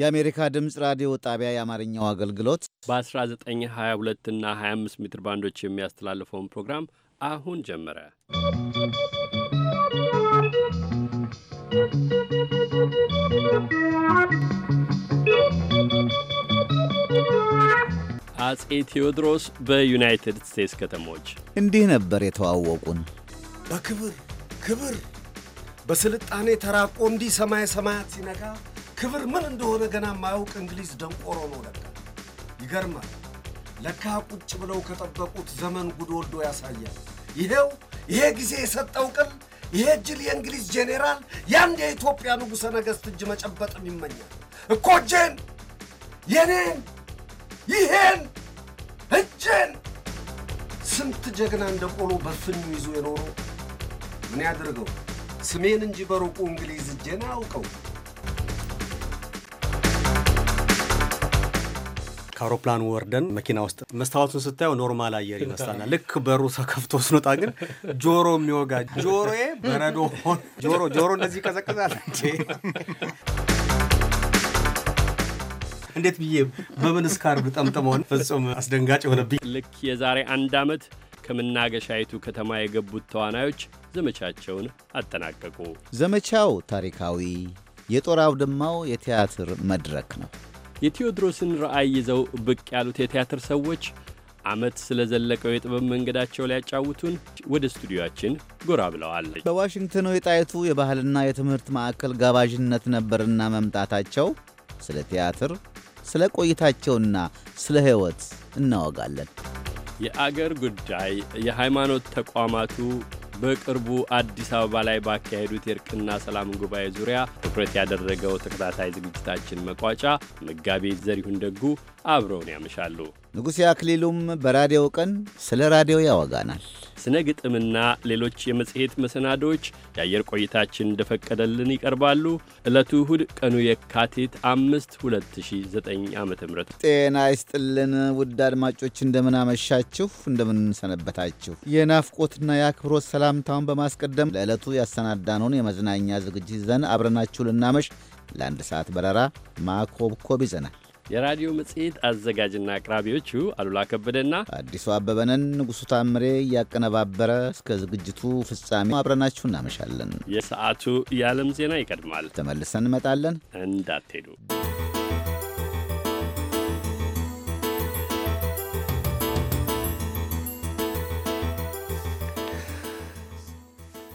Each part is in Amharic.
የአሜሪካ ድምፅ ራዲዮ ጣቢያ የአማርኛው አገልግሎት በ1922 እና 25 ሜትር ባንዶች የሚያስተላልፈውን ፕሮግራም አሁን ጀመረ። አጼ ቴዎድሮስ በዩናይትድ ስቴትስ ከተሞች እንዲህ ነበር የተዋወቁን። በክብር ክብር በስልጣኔ ተራቆ እንዲህ ሰማይ ሰማያት ሲነጋ ክብር ምን እንደሆነ ገና ማያውቅ እንግሊዝ ደንቆሮ ነው ለካ። ይገርማል። ለካ ቁጭ ብለው ከጠበቁት ዘመን ጉድ ወልዶ ያሳያል። ይሄው ይሄ ጊዜ የሰጠው ቅል ይሄ እጅል የእንግሊዝ ጄኔራል ያንድ የኢትዮጵያ ንጉሠ ነገሥት እጅ መጨበጥም ይመኛል እኮ እጄን፣ የኔን፣ ይሄን እጄን። ስንት ጀግና እንደ ቆሎ በፍኙ ይዞ የኖረው ምን ያድርገው ስሜን እንጂ በሩቁ እንግሊዝ እጄን አያውቀው። ከአውሮፕላኑ ወርደን መኪና ውስጥ መስታወቱን ስታየው ኖርማል አየር ይመስላል። ልክ በሩ ተከፍቶ ስንወጣ ግን ጆሮ የሚወጋ ጆሮዬ በረዶ ሆን ጆሮ ጆሮ እንደዚህ ይቀዘቅዛል። እንዴት ብዬ በምን እስካርብ ጠምጥመው ፍጹም አስደንጋጭ የሆነብኝ ልክ የዛሬ አንድ ዓመት ከመናገሻይቱ ከተማ የገቡት ተዋናዮች ዘመቻቸውን አጠናቀቁ። ዘመቻው ታሪካዊ የጦር አውድማው የቲያትር መድረክ ነው። የቴዎድሮስን ራዕይ ይዘው ብቅ ያሉት የቲያትር ሰዎች ዓመት ስለዘለቀው የጥበብ መንገዳቸው ሊያጫውቱን ወደ ስቱዲዮአችን ጎራ ብለዋል። በዋሽንግተኑ የጣይቱ የባህልና የትምህርት ማዕከል ጋባዥነት ነበርና መምጣታቸው ስለ ቲያትር፣ ስለ ቆይታቸውና ስለ ሕይወት እናወጋለን። የአገር ጉዳይ፣ የሃይማኖት ተቋማቱ በቅርቡ አዲስ አበባ ላይ ባካሄዱት የእርቅና ሰላም ጉባኤ ዙሪያ ትኩረት ያደረገው ተከታታይ ዝግጅታችን መቋጫ መጋቤ ዘሪሁን ደጉ አብረውን ያመሻሉ። ንጉሴ አክሊሉም በራዲዮ ቀን ስለ ራዲዮ ያወጋናል። ስነ ግጥምና ሌሎች የመጽሔት መሰናዶዎች የአየር ቆይታችን እንደፈቀደልን ይቀርባሉ። ዕለቱ እሁድ ቀኑ የካቲት አምስት 2009 ዓ ም ጤና ይስጥልን ውድ አድማጮች፣ እንደምናመሻችሁ፣ እንደምንሰነበታችሁ የናፍቆትና የአክብሮት ሰላምታውን በማስቀደም ለዕለቱ ያሰናዳነውን የመዝናኛ ዝግጅት ይዘን አብረናችሁ ልናመሽ ለአንድ ሰዓት በረራ ማኮብኮብ ይዘናል። የራዲዮ መጽሔት አዘጋጅና አቅራቢዎቹ አሉላ ከበደና አዲሱ አበበነን ንጉሡ ታምሬ እያቀነባበረ እስከ ዝግጅቱ ፍጻሜ አብረናችሁ እናመሻለን። የሰዓቱ የዓለም ዜና ይቀድማል። ተመልሰን እንመጣለን፣ እንዳትሄዱ።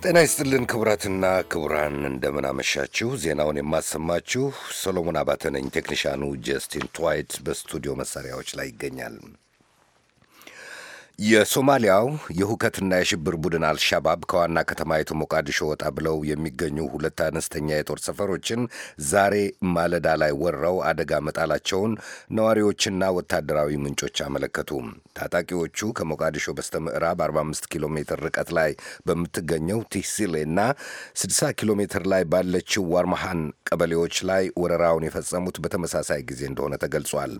ጤና ይስጥልን ክቡራትና ክቡራን፣ እንደምን አመሻችሁ። ዜናውን የማሰማችሁ ሰሎሞን አባተ ነኝ። ቴክኒሻኑ ጀስቲን ትዋይት በስቱዲዮ መሳሪያዎች ላይ ይገኛል። የሶማሊያው የሁከትና የሽብር ቡድን አልሻባብ ከዋና ከተማይቱ ሞቃዲሾ ወጣ ብለው የሚገኙ ሁለት አነስተኛ የጦር ሰፈሮችን ዛሬ ማለዳ ላይ ወረው አደጋ መጣላቸውን ነዋሪዎችና ወታደራዊ ምንጮች አመለከቱ። ታጣቂዎቹ ከሞቃዲሾ በስተ ምዕራብ 45 ኪሎ ሜትር ርቀት ላይ በምትገኘው ቲህሲሌና 60 ኪሎ ሜትር ላይ ባለችው ዋርማሃን ቀበሌዎች ላይ ወረራውን የፈጸሙት በተመሳሳይ ጊዜ እንደሆነ ተገልጿል።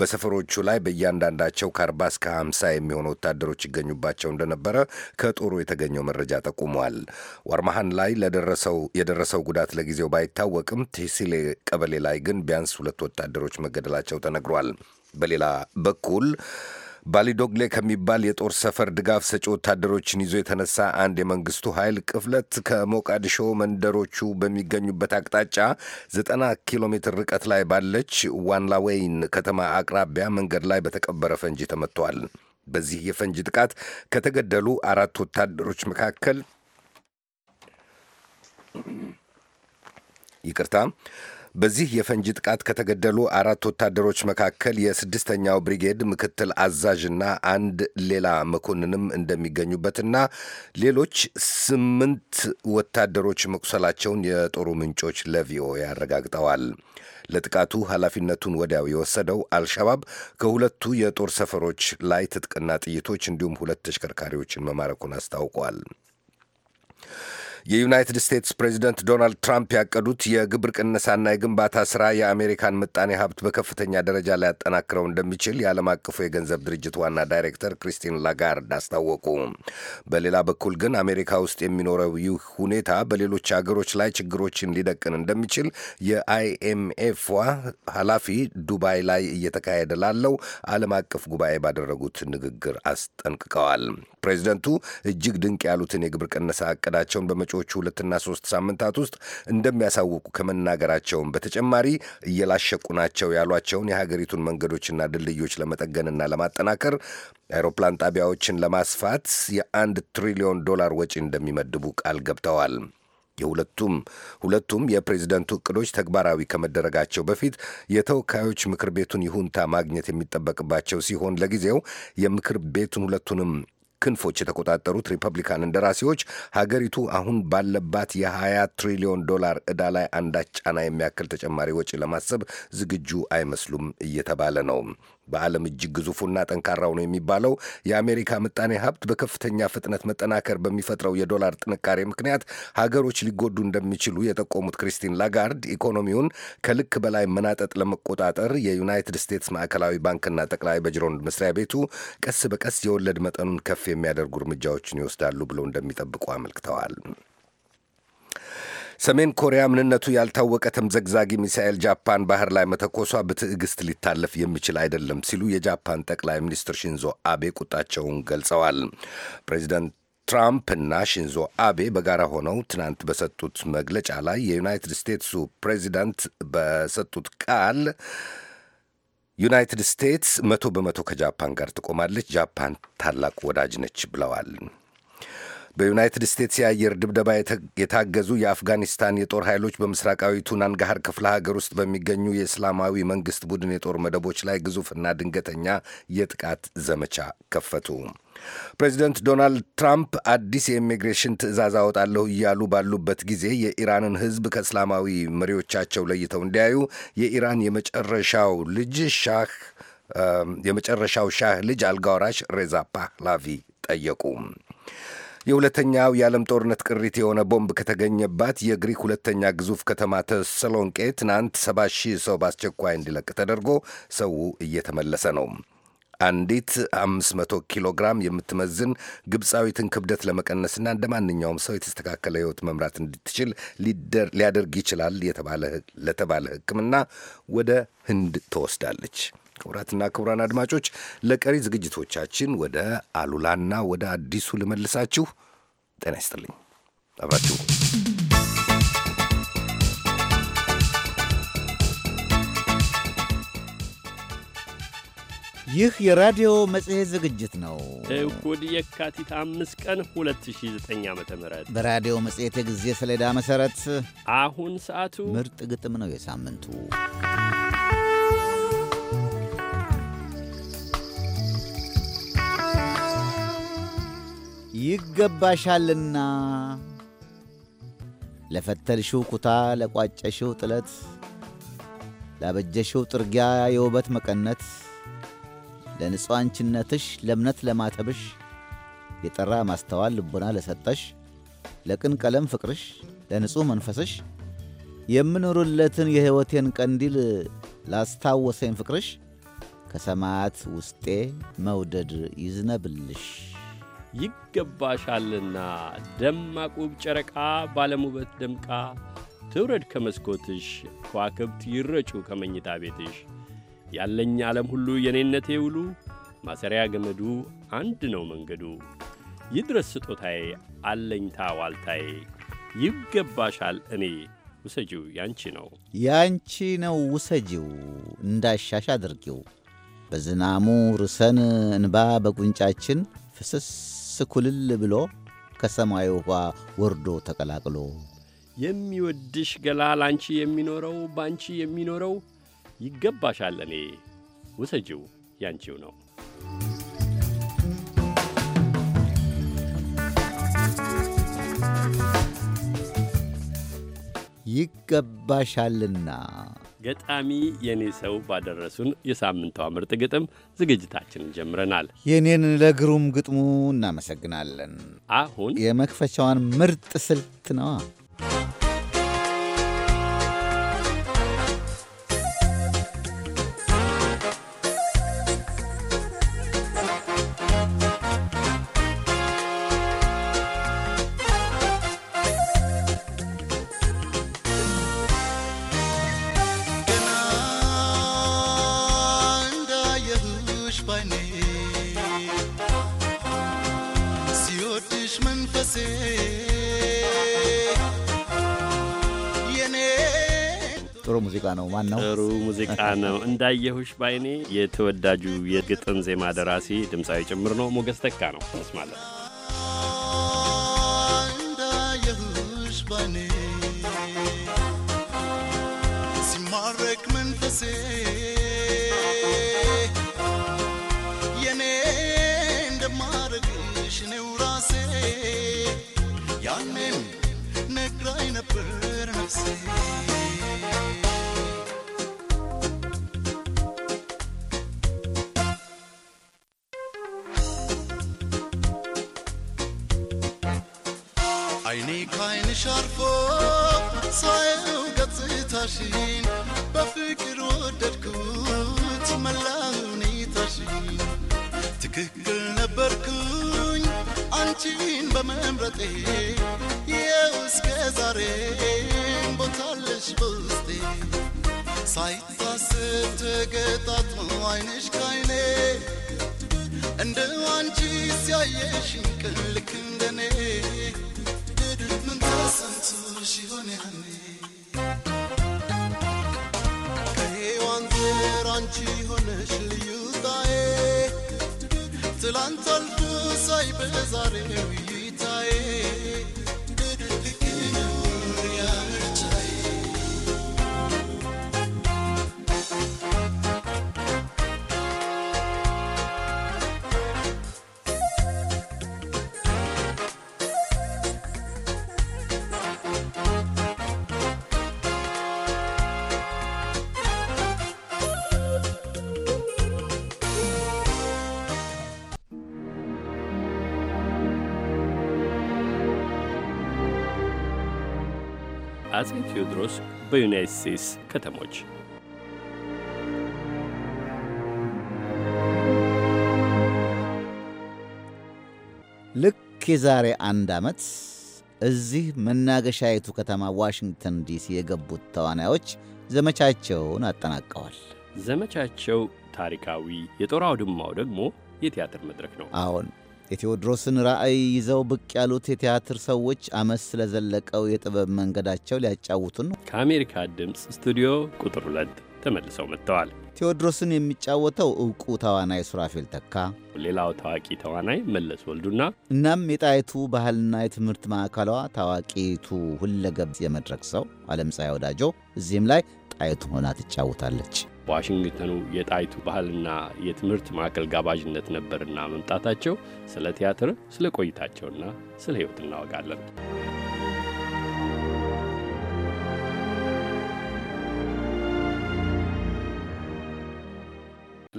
በሰፈሮቹ ላይ በእያንዳንዳቸው ከአርባ እስከ ሀምሳ የሚሆኑ ወታደሮች ይገኙባቸው እንደነበረ ከጦሩ የተገኘው መረጃ ጠቁሟል። ዋርማሃን ላይ ለደረሰው የደረሰው ጉዳት ለጊዜው ባይታወቅም ቴሲሌ ቀበሌ ላይ ግን ቢያንስ ሁለት ወታደሮች መገደላቸው ተነግሯል። በሌላ በኩል ባሊዶግሌ ከሚባል የጦር ሰፈር ድጋፍ ሰጪ ወታደሮችን ይዞ የተነሳ አንድ የመንግስቱ ኃይል ቅፍለት ከሞቃዲሾ መንደሮቹ በሚገኙበት አቅጣጫ 90 ኪሎ ሜትር ርቀት ላይ ባለች ዋንላወይን ከተማ አቅራቢያ መንገድ ላይ በተቀበረ ፈንጂ ተመቷል። በዚህ የፈንጂ ጥቃት ከተገደሉ አራት ወታደሮች መካከል ይቅርታ በዚህ የፈንጂ ጥቃት ከተገደሉ አራት ወታደሮች መካከል የስድስተኛው ብሪጌድ ምክትል አዛዥና አንድ ሌላ መኮንንም እንደሚገኙበትና ሌሎች ስምንት ወታደሮች መቁሰላቸውን የጦሩ ምንጮች ለቪኦኤ አረጋግጠዋል። ለጥቃቱ ኃላፊነቱን ወዲያው የወሰደው አልሸባብ ከሁለቱ የጦር ሰፈሮች ላይ ትጥቅና ጥይቶች እንዲሁም ሁለት ተሽከርካሪዎችን መማረኩን አስታውቋል። የዩናይትድ ስቴትስ ፕሬዚደንት ዶናልድ ትራምፕ ያቀዱት የግብር ቅነሳና የግንባታ ስራ የአሜሪካን ምጣኔ ሀብት በከፍተኛ ደረጃ ላይ ያጠናክረው እንደሚችል የዓለም አቀፉ የገንዘብ ድርጅት ዋና ዳይሬክተር ክሪስቲን ላጋርድ አስታወቁ። በሌላ በኩል ግን አሜሪካ ውስጥ የሚኖረው ይህ ሁኔታ በሌሎች አገሮች ላይ ችግሮችን ሊደቅን እንደሚችል የአይኤምኤፍ ኃላፊ ዱባይ ላይ እየተካሄደ ላለው ዓለም አቀፍ ጉባኤ ባደረጉት ንግግር አስጠንቅቀዋል። ፕሬዚደንቱ እጅግ ድንቅ ያሉትን የግብር ቅነሳ እቅዳቸውን በመጪዎቹ ሁለትና ሶስት ሳምንታት ውስጥ እንደሚያሳውቁ ከመናገራቸውን በተጨማሪ እየላሸቁ ናቸው ያሏቸውን የሀገሪቱን መንገዶችና ድልድዮች ለመጠገንና ለማጠናከር አውሮፕላን ጣቢያዎችን ለማስፋት የአንድ ትሪሊዮን ዶላር ወጪ እንደሚመድቡ ቃል ገብተዋል። የሁለቱም ሁለቱም የፕሬዝደንቱ እቅዶች ተግባራዊ ከመደረጋቸው በፊት የተወካዮች ምክር ቤቱን ይሁንታ ማግኘት የሚጠበቅባቸው ሲሆን ለጊዜው የምክር ቤቱን ሁለቱንም ክንፎች የተቆጣጠሩት ሪፐብሊካን እንደራሴዎች ሀገሪቱ አሁን ባለባት የ20 ትሪሊዮን ዶላር ዕዳ ላይ አንዳች ጫና የሚያክል ተጨማሪ ወጪ ለማሰብ ዝግጁ አይመስሉም እየተባለ ነው። በዓለም እጅግ ግዙፉና ጠንካራው ነው የሚባለው የአሜሪካ ምጣኔ ሀብት በከፍተኛ ፍጥነት መጠናከር በሚፈጥረው የዶላር ጥንካሬ ምክንያት ሀገሮች ሊጎዱ እንደሚችሉ የጠቆሙት ክሪስቲን ላጋርድ ኢኮኖሚውን ከልክ በላይ መናጠጥ ለመቆጣጠር የዩናይትድ ስቴትስ ማዕከላዊ ባንክና ጠቅላይ በጅሮንድ መስሪያ ቤቱ ቀስ በቀስ የወለድ መጠኑን ከፍ የሚያደርጉ እርምጃዎችን ይወስዳሉ ብለው እንደሚጠብቁ አመልክተዋል። ሰሜን ኮሪያ ምንነቱ ያልታወቀ ተምዘግዛጊ ሚሳኤል ጃፓን ባህር ላይ መተኮሷ በትዕግስት ሊታለፍ የሚችል አይደለም ሲሉ የጃፓን ጠቅላይ ሚኒስትር ሽንዞ አቤ ቁጣቸውን ገልጸዋል። ፕሬዚደንት እና ሽንዞ አቤ በጋራ ሆነው ትናንት በሰጡት መግለጫ ላይ የዩናይትድ ስቴትሱ ፕሬዚደንት በሰጡት ቃል ዩናይትድ ስቴትስ መቶ በመቶ ከጃፓን ጋር ትቆማለች፣ ጃፓን ታላቅ ወዳጅ ነች ብለዋል። በዩናይትድ ስቴትስ የአየር ድብደባ የታገዙ የአፍጋኒስታን የጦር ኃይሎች በምስራቃዊቱ ናንጋሃር ክፍለ ሀገር ውስጥ በሚገኙ የእስላማዊ መንግስት ቡድን የጦር መደቦች ላይ ግዙፍና ድንገተኛ የጥቃት ዘመቻ ከፈቱ። ፕሬዚደንት ዶናልድ ትራምፕ አዲስ የኢሚግሬሽን ትዕዛዝ አወጣለሁ እያሉ ባሉበት ጊዜ የኢራንን ሕዝብ ከእስላማዊ መሪዎቻቸው ለይተው እንዲያዩ የኢራን የመጨረሻው ልጅ ሻህ የመጨረሻው ሻህ ልጅ አልጋወራሽ ሬዛ ፓህላቪ ጠየቁ። የሁለተኛው የዓለም ጦርነት ቅሪት የሆነ ቦምብ ከተገኘባት የግሪክ ሁለተኛ ግዙፍ ከተማ ተሰሎንቄ ትናንት ሰባ ሺህ ሰው በአስቸኳይ እንዲለቅ ተደርጎ ሰው እየተመለሰ ነው። አንዲት 500 ኪሎ ግራም የምትመዝን ግብፃዊትን ክብደት ለመቀነስና እንደ ማንኛውም ሰው የተስተካከለ ሕይወት መምራት እንድትችል ሊያደርግ ይችላል ለተባለ ሕክምና ወደ ህንድ ተወስዳለች። ክቡራትና ክቡራን አድማጮች ለቀሪ ዝግጅቶቻችን ወደ አሉላና ወደ አዲሱ ልመልሳችሁ። ጤና ይስጥልኝ። አብራችሁ ይህ የራዲዮ መጽሔት ዝግጅት ነው። እሁድ የካቲት አምስት ቀን 2009 ዓ ም በራዲዮ መጽሔት የጊዜ ሰሌዳ መሠረት አሁን ሰዓቱ ምርጥ ግጥም ነው የሳምንቱ ይገባሻልና ለፈተልሽው ኩታ፣ ለቋጨሽው ጥለት፣ ላበጀሽው ጥርጊያ የውበት መቀነት፣ ለንጹሕ አንችነትሽ፣ ለእምነት ለማተብሽ የጠራ ማስተዋል ልቦና ለሰጠሽ፣ ለቅን ቀለም ፍቅርሽ፣ ለንጹሕ መንፈስሽ የምኖርለትን የሕይወቴን ቀንዲል ላስታወሰኝ ፍቅርሽ ከሰማያት ውስጤ መውደድ ይዝነብልሽ። ይገባሻልና ደማቅ ውብ ጨረቃ ባለሙበት ደምቃ ትውረድ ከመስኮትሽ፣ ከዋክብት ይረጩ ከመኝታ ቤትሽ። ያለኝ ዓለም ሁሉ የኔነቴ ውሉ፣ ማሰሪያ ገመዱ አንድ ነው መንገዱ። ይድረስ ስጦታዬ አለኝታ ዋልታዬ፣ ይገባሻል እኔ ውሰጂው ያንቺ ነው ያንቺ ነው ውሰጂው፣ እንዳሻሽ አድርጊው። በዝናሙ ርሰን እንባ በቁንጫችን ፍስስ ስኩልል ብሎ ከሰማይ ውኃ ወርዶ ተቀላቅሎ የሚወድሽ ገላ ላንቺ የሚኖረው ባንቺ የሚኖረው ይገባሻል እኔ ውሰጂው ያንቺው ነው። ይገባሻልና ገጣሚ የኔ ሰው ባደረሱን የሳምንቷ ምርጥ ግጥም ዝግጅታችንን ጀምረናል። የኔን ለግሩም ግጥሙ እናመሰግናለን። አሁን የመክፈቻዋን ምርጥ ስልት ነዋ ነው። እንዳየሁሽ ባይኔ የተወዳጁ የግጥም ዜማ ደራሲ ድምፃዊ ጭምር ነው ሞገስ ተካ ነው መስማለት እንዳየሁሽ ባይኔ አንቺን በመምረጤ ይኸው እስከ ዛሬ ቦታለሽ በውስጤ ሳይታሰብ ተገጣጥሞ አይንሽ ካይኔ እንደ አንቺ ሲያየሽ እንቅን ልክ እንደኔ ምን ተሰምቶሽ ይሆን ያኔ ከሔዋን ዘር አንቺ ሆነሽ ልዩ ትላንት አልፎ ሳይ በዛሬው ይታይ በዩናይት ስቴትስ ከተሞች። ልክ የዛሬ አንድ ዓመት እዚህ መናገሻይቱ ከተማ ዋሽንግተን ዲሲ የገቡት ተዋናዮች ዘመቻቸውን አጠናቀዋል። ዘመቻቸው ታሪካዊ፣ የጦር አውድማው ደግሞ የቲያትር መድረክ ነው። አሁን የቴዎድሮስን ራዕይ ይዘው ብቅ ያሉት የቲያትር ሰዎች አመስ ስለዘለቀው የጥበብ መንገዳቸው ሊያጫውቱን ነው። ከአሜሪካ ድምፅ ስቱዲዮ ቁጥር ሁለት ተመልሰው መጥተዋል። ቴዎድሮስን የሚጫወተው እውቁ ተዋናይ ሱራፌል ተካ፣ ሌላው ታዋቂ ተዋናይ መለስ ወልዱና እናም የጣይቱ ባህልና የትምህርት ማዕከሏ ታዋቂቱ ሁለገብ የመድረክ ሰው ዓለም ፀሐይ ወዳጆ እዚህም ላይ ጣይቱ ሆና ትጫወታለች። በዋሽንግተኑ የጣይቱ ባህልና የትምህርት ማዕከል ጋባዥነት ነበርና መምጣታቸው ስለ ቲያትር፣ ስለ ቆይታቸውና ስለ ሕይወት እናወጋለን።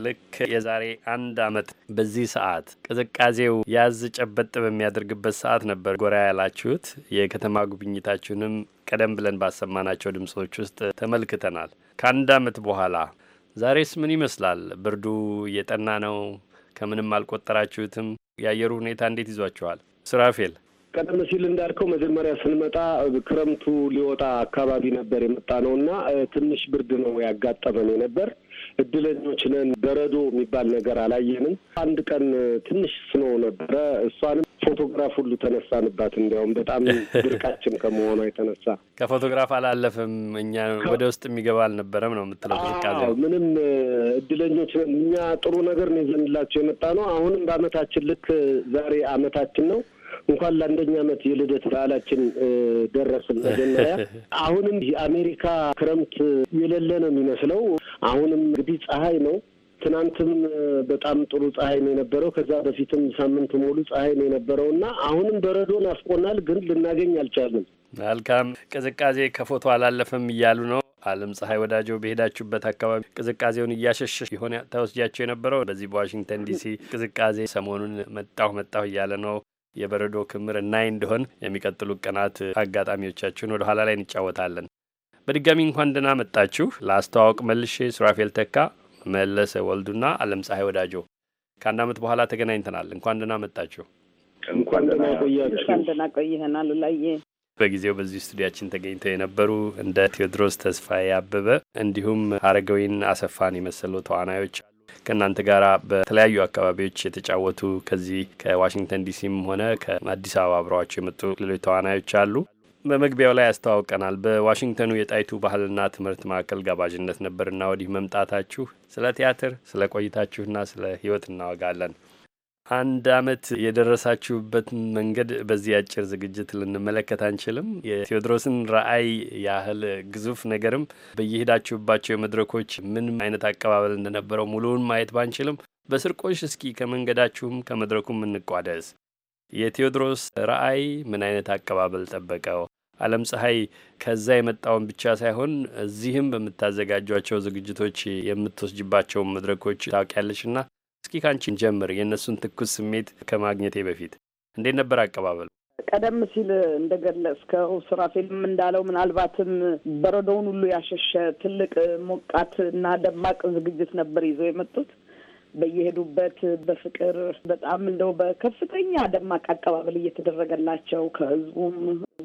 ልክ የዛሬ አንድ አመት በዚህ ሰዓት ቅዝቃዜው ያዝ ጨበጥ በሚያደርግበት ሰዓት ነበር ጎራ ያላችሁት። የከተማ ጉብኝታችሁንም ቀደም ብለን ባሰማናቸው ድምጾች ውስጥ ተመልክተናል። ከአንድ አመት በኋላ ዛሬስ ምን ይመስላል? ብርዱ የጠና ነው? ከምንም አልቆጠራችሁትም? የአየሩ ሁኔታ እንዴት ይዟችኋል? ስራፌል ቀደም ሲል እንዳልከው መጀመሪያ ስንመጣ ክረምቱ ሊወጣ አካባቢ ነበር የመጣ ነው እና ትንሽ ብርድ ነው ያጋጠመን የነበር እድለኞች ነን። በረዶ የሚባል ነገር አላየንም። አንድ ቀን ትንሽ ስኖ ነበረ። እሷንም ፎቶግራፍ ሁሉ ተነሳንባት። እንዲያውም በጣም ድርቃችን ከመሆኗ የተነሳ ከፎቶግራፍ አላለፍም እኛ ወደ ውስጥ የሚገባ አልነበረም ነው የምትለው። ምንም እድለኞች ነን እኛ ጥሩ ነገር ነው ይዘንላቸው የመጣ ነው። አሁንም በአመታችን ልክ ዛሬ አመታችን ነው። እንኳን ለአንደኛ ዓመት የልደት በዓላችን ደረስን። መጀመሪያ አሁንም የአሜሪካ ክረምት የሌለ ነው የሚመስለው። አሁንም እንግዲህ ፀሐይ ነው። ትናንትም በጣም ጥሩ ፀሐይ ነው የነበረው። ከዛ በፊትም ሳምንት ሙሉ ፀሐይ ነው የነበረው እና አሁንም በረዶ ናፍቆናል፣ ግን ልናገኝ አልቻልንም። መልካም ቅዝቃዜ ከፎቶ አላለፈም እያሉ ነው። አለም ፀሐይ ወዳጆ በሄዳችሁበት አካባቢ ቅዝቃዜውን እያሸሸ የሆነ ተወስጃቸው የነበረው በዚህ በዋሽንግተን ዲሲ ቅዝቃዜ ሰሞኑን መጣሁ መጣሁ እያለ ነው። የበረዶ ክምር እናይ እንደሆን የሚቀጥሉ ቀናት አጋጣሚዎቻችሁን ወደ ኋላ ላይ እንጫወታለን። በድጋሚ እንኳን ደህና መጣችሁ። ለአስተዋወቅ መልሼ ሱራፌል ተካ፣ መለሰ ወልዱና አለም ፀሐይ ወዳጆ ከአንድ አመት በኋላ ተገናኝተናል። እንኳን ደህና መጣችሁ። እንኳን ደህና ቆያችሁ። እንኳን ደህና ቆይህናል ላየ በጊዜው በዚህ ስቱዲያችን ተገኝተው የነበሩ እንደ ቴዎድሮስ ተስፋዬ አበበ እንዲሁም አረጋዊን አሰፋን የመሰሉ ተዋናዮች አሉ። ከእናንተ ጋር በተለያዩ አካባቢዎች የተጫወቱ ከዚህ ከዋሽንግተን ዲሲም ሆነ ከአዲስ አበባ አብረዋቸው የመጡ ሌሎች ተዋናዮች አሉ። በመግቢያው ላይ ያስተዋውቀናል። በዋሽንግተኑ የጣይቱ ባህልና ትምህርት ማዕከል ጋባዥነት ነበርና ወዲህ መምጣታችሁ ስለ ቲያትር ስለ ቆይታችሁና ስለ ህይወት እናወጋለን። አንድ አመት የደረሳችሁበትን መንገድ በዚህ አጭር ዝግጅት ልንመለከት አንችልም። የቴዎድሮስን ራዕይ ያህል ግዙፍ ነገርም በየሄዳችሁባቸው የመድረኮች ምን አይነት አቀባበል እንደነበረው ሙሉውን ማየት ባንችልም በስርቆሽ እስኪ ከመንገዳችሁም ከመድረኩም እንቋደስ። የቴዎድሮስ ራዕይ ምን አይነት አቀባበል ጠበቀው? አለም ፀሐይ ከዛ የመጣውን ብቻ ሳይሆን እዚህም በምታዘጋጇቸው ዝግጅቶች የምትወስጅባቸውን መድረኮች ታውቂያለሽ ና እስኪ ካንቺን ጀምር። የእነሱን ትኩስ ስሜት ከማግኘቴ በፊት እንዴት ነበር አቀባበሉ? ቀደም ሲል እንደገለጽከው ስራፌልም እንዳለው ምናልባትም በረዶውን ሁሉ ያሸሸ ትልቅ ሞቃት እና ደማቅ ዝግጅት ነበር ይዘው የመጡት። በየሄዱበት በፍቅር በጣም እንደው በከፍተኛ ደማቅ አቀባበል እየተደረገላቸው ከህዝቡም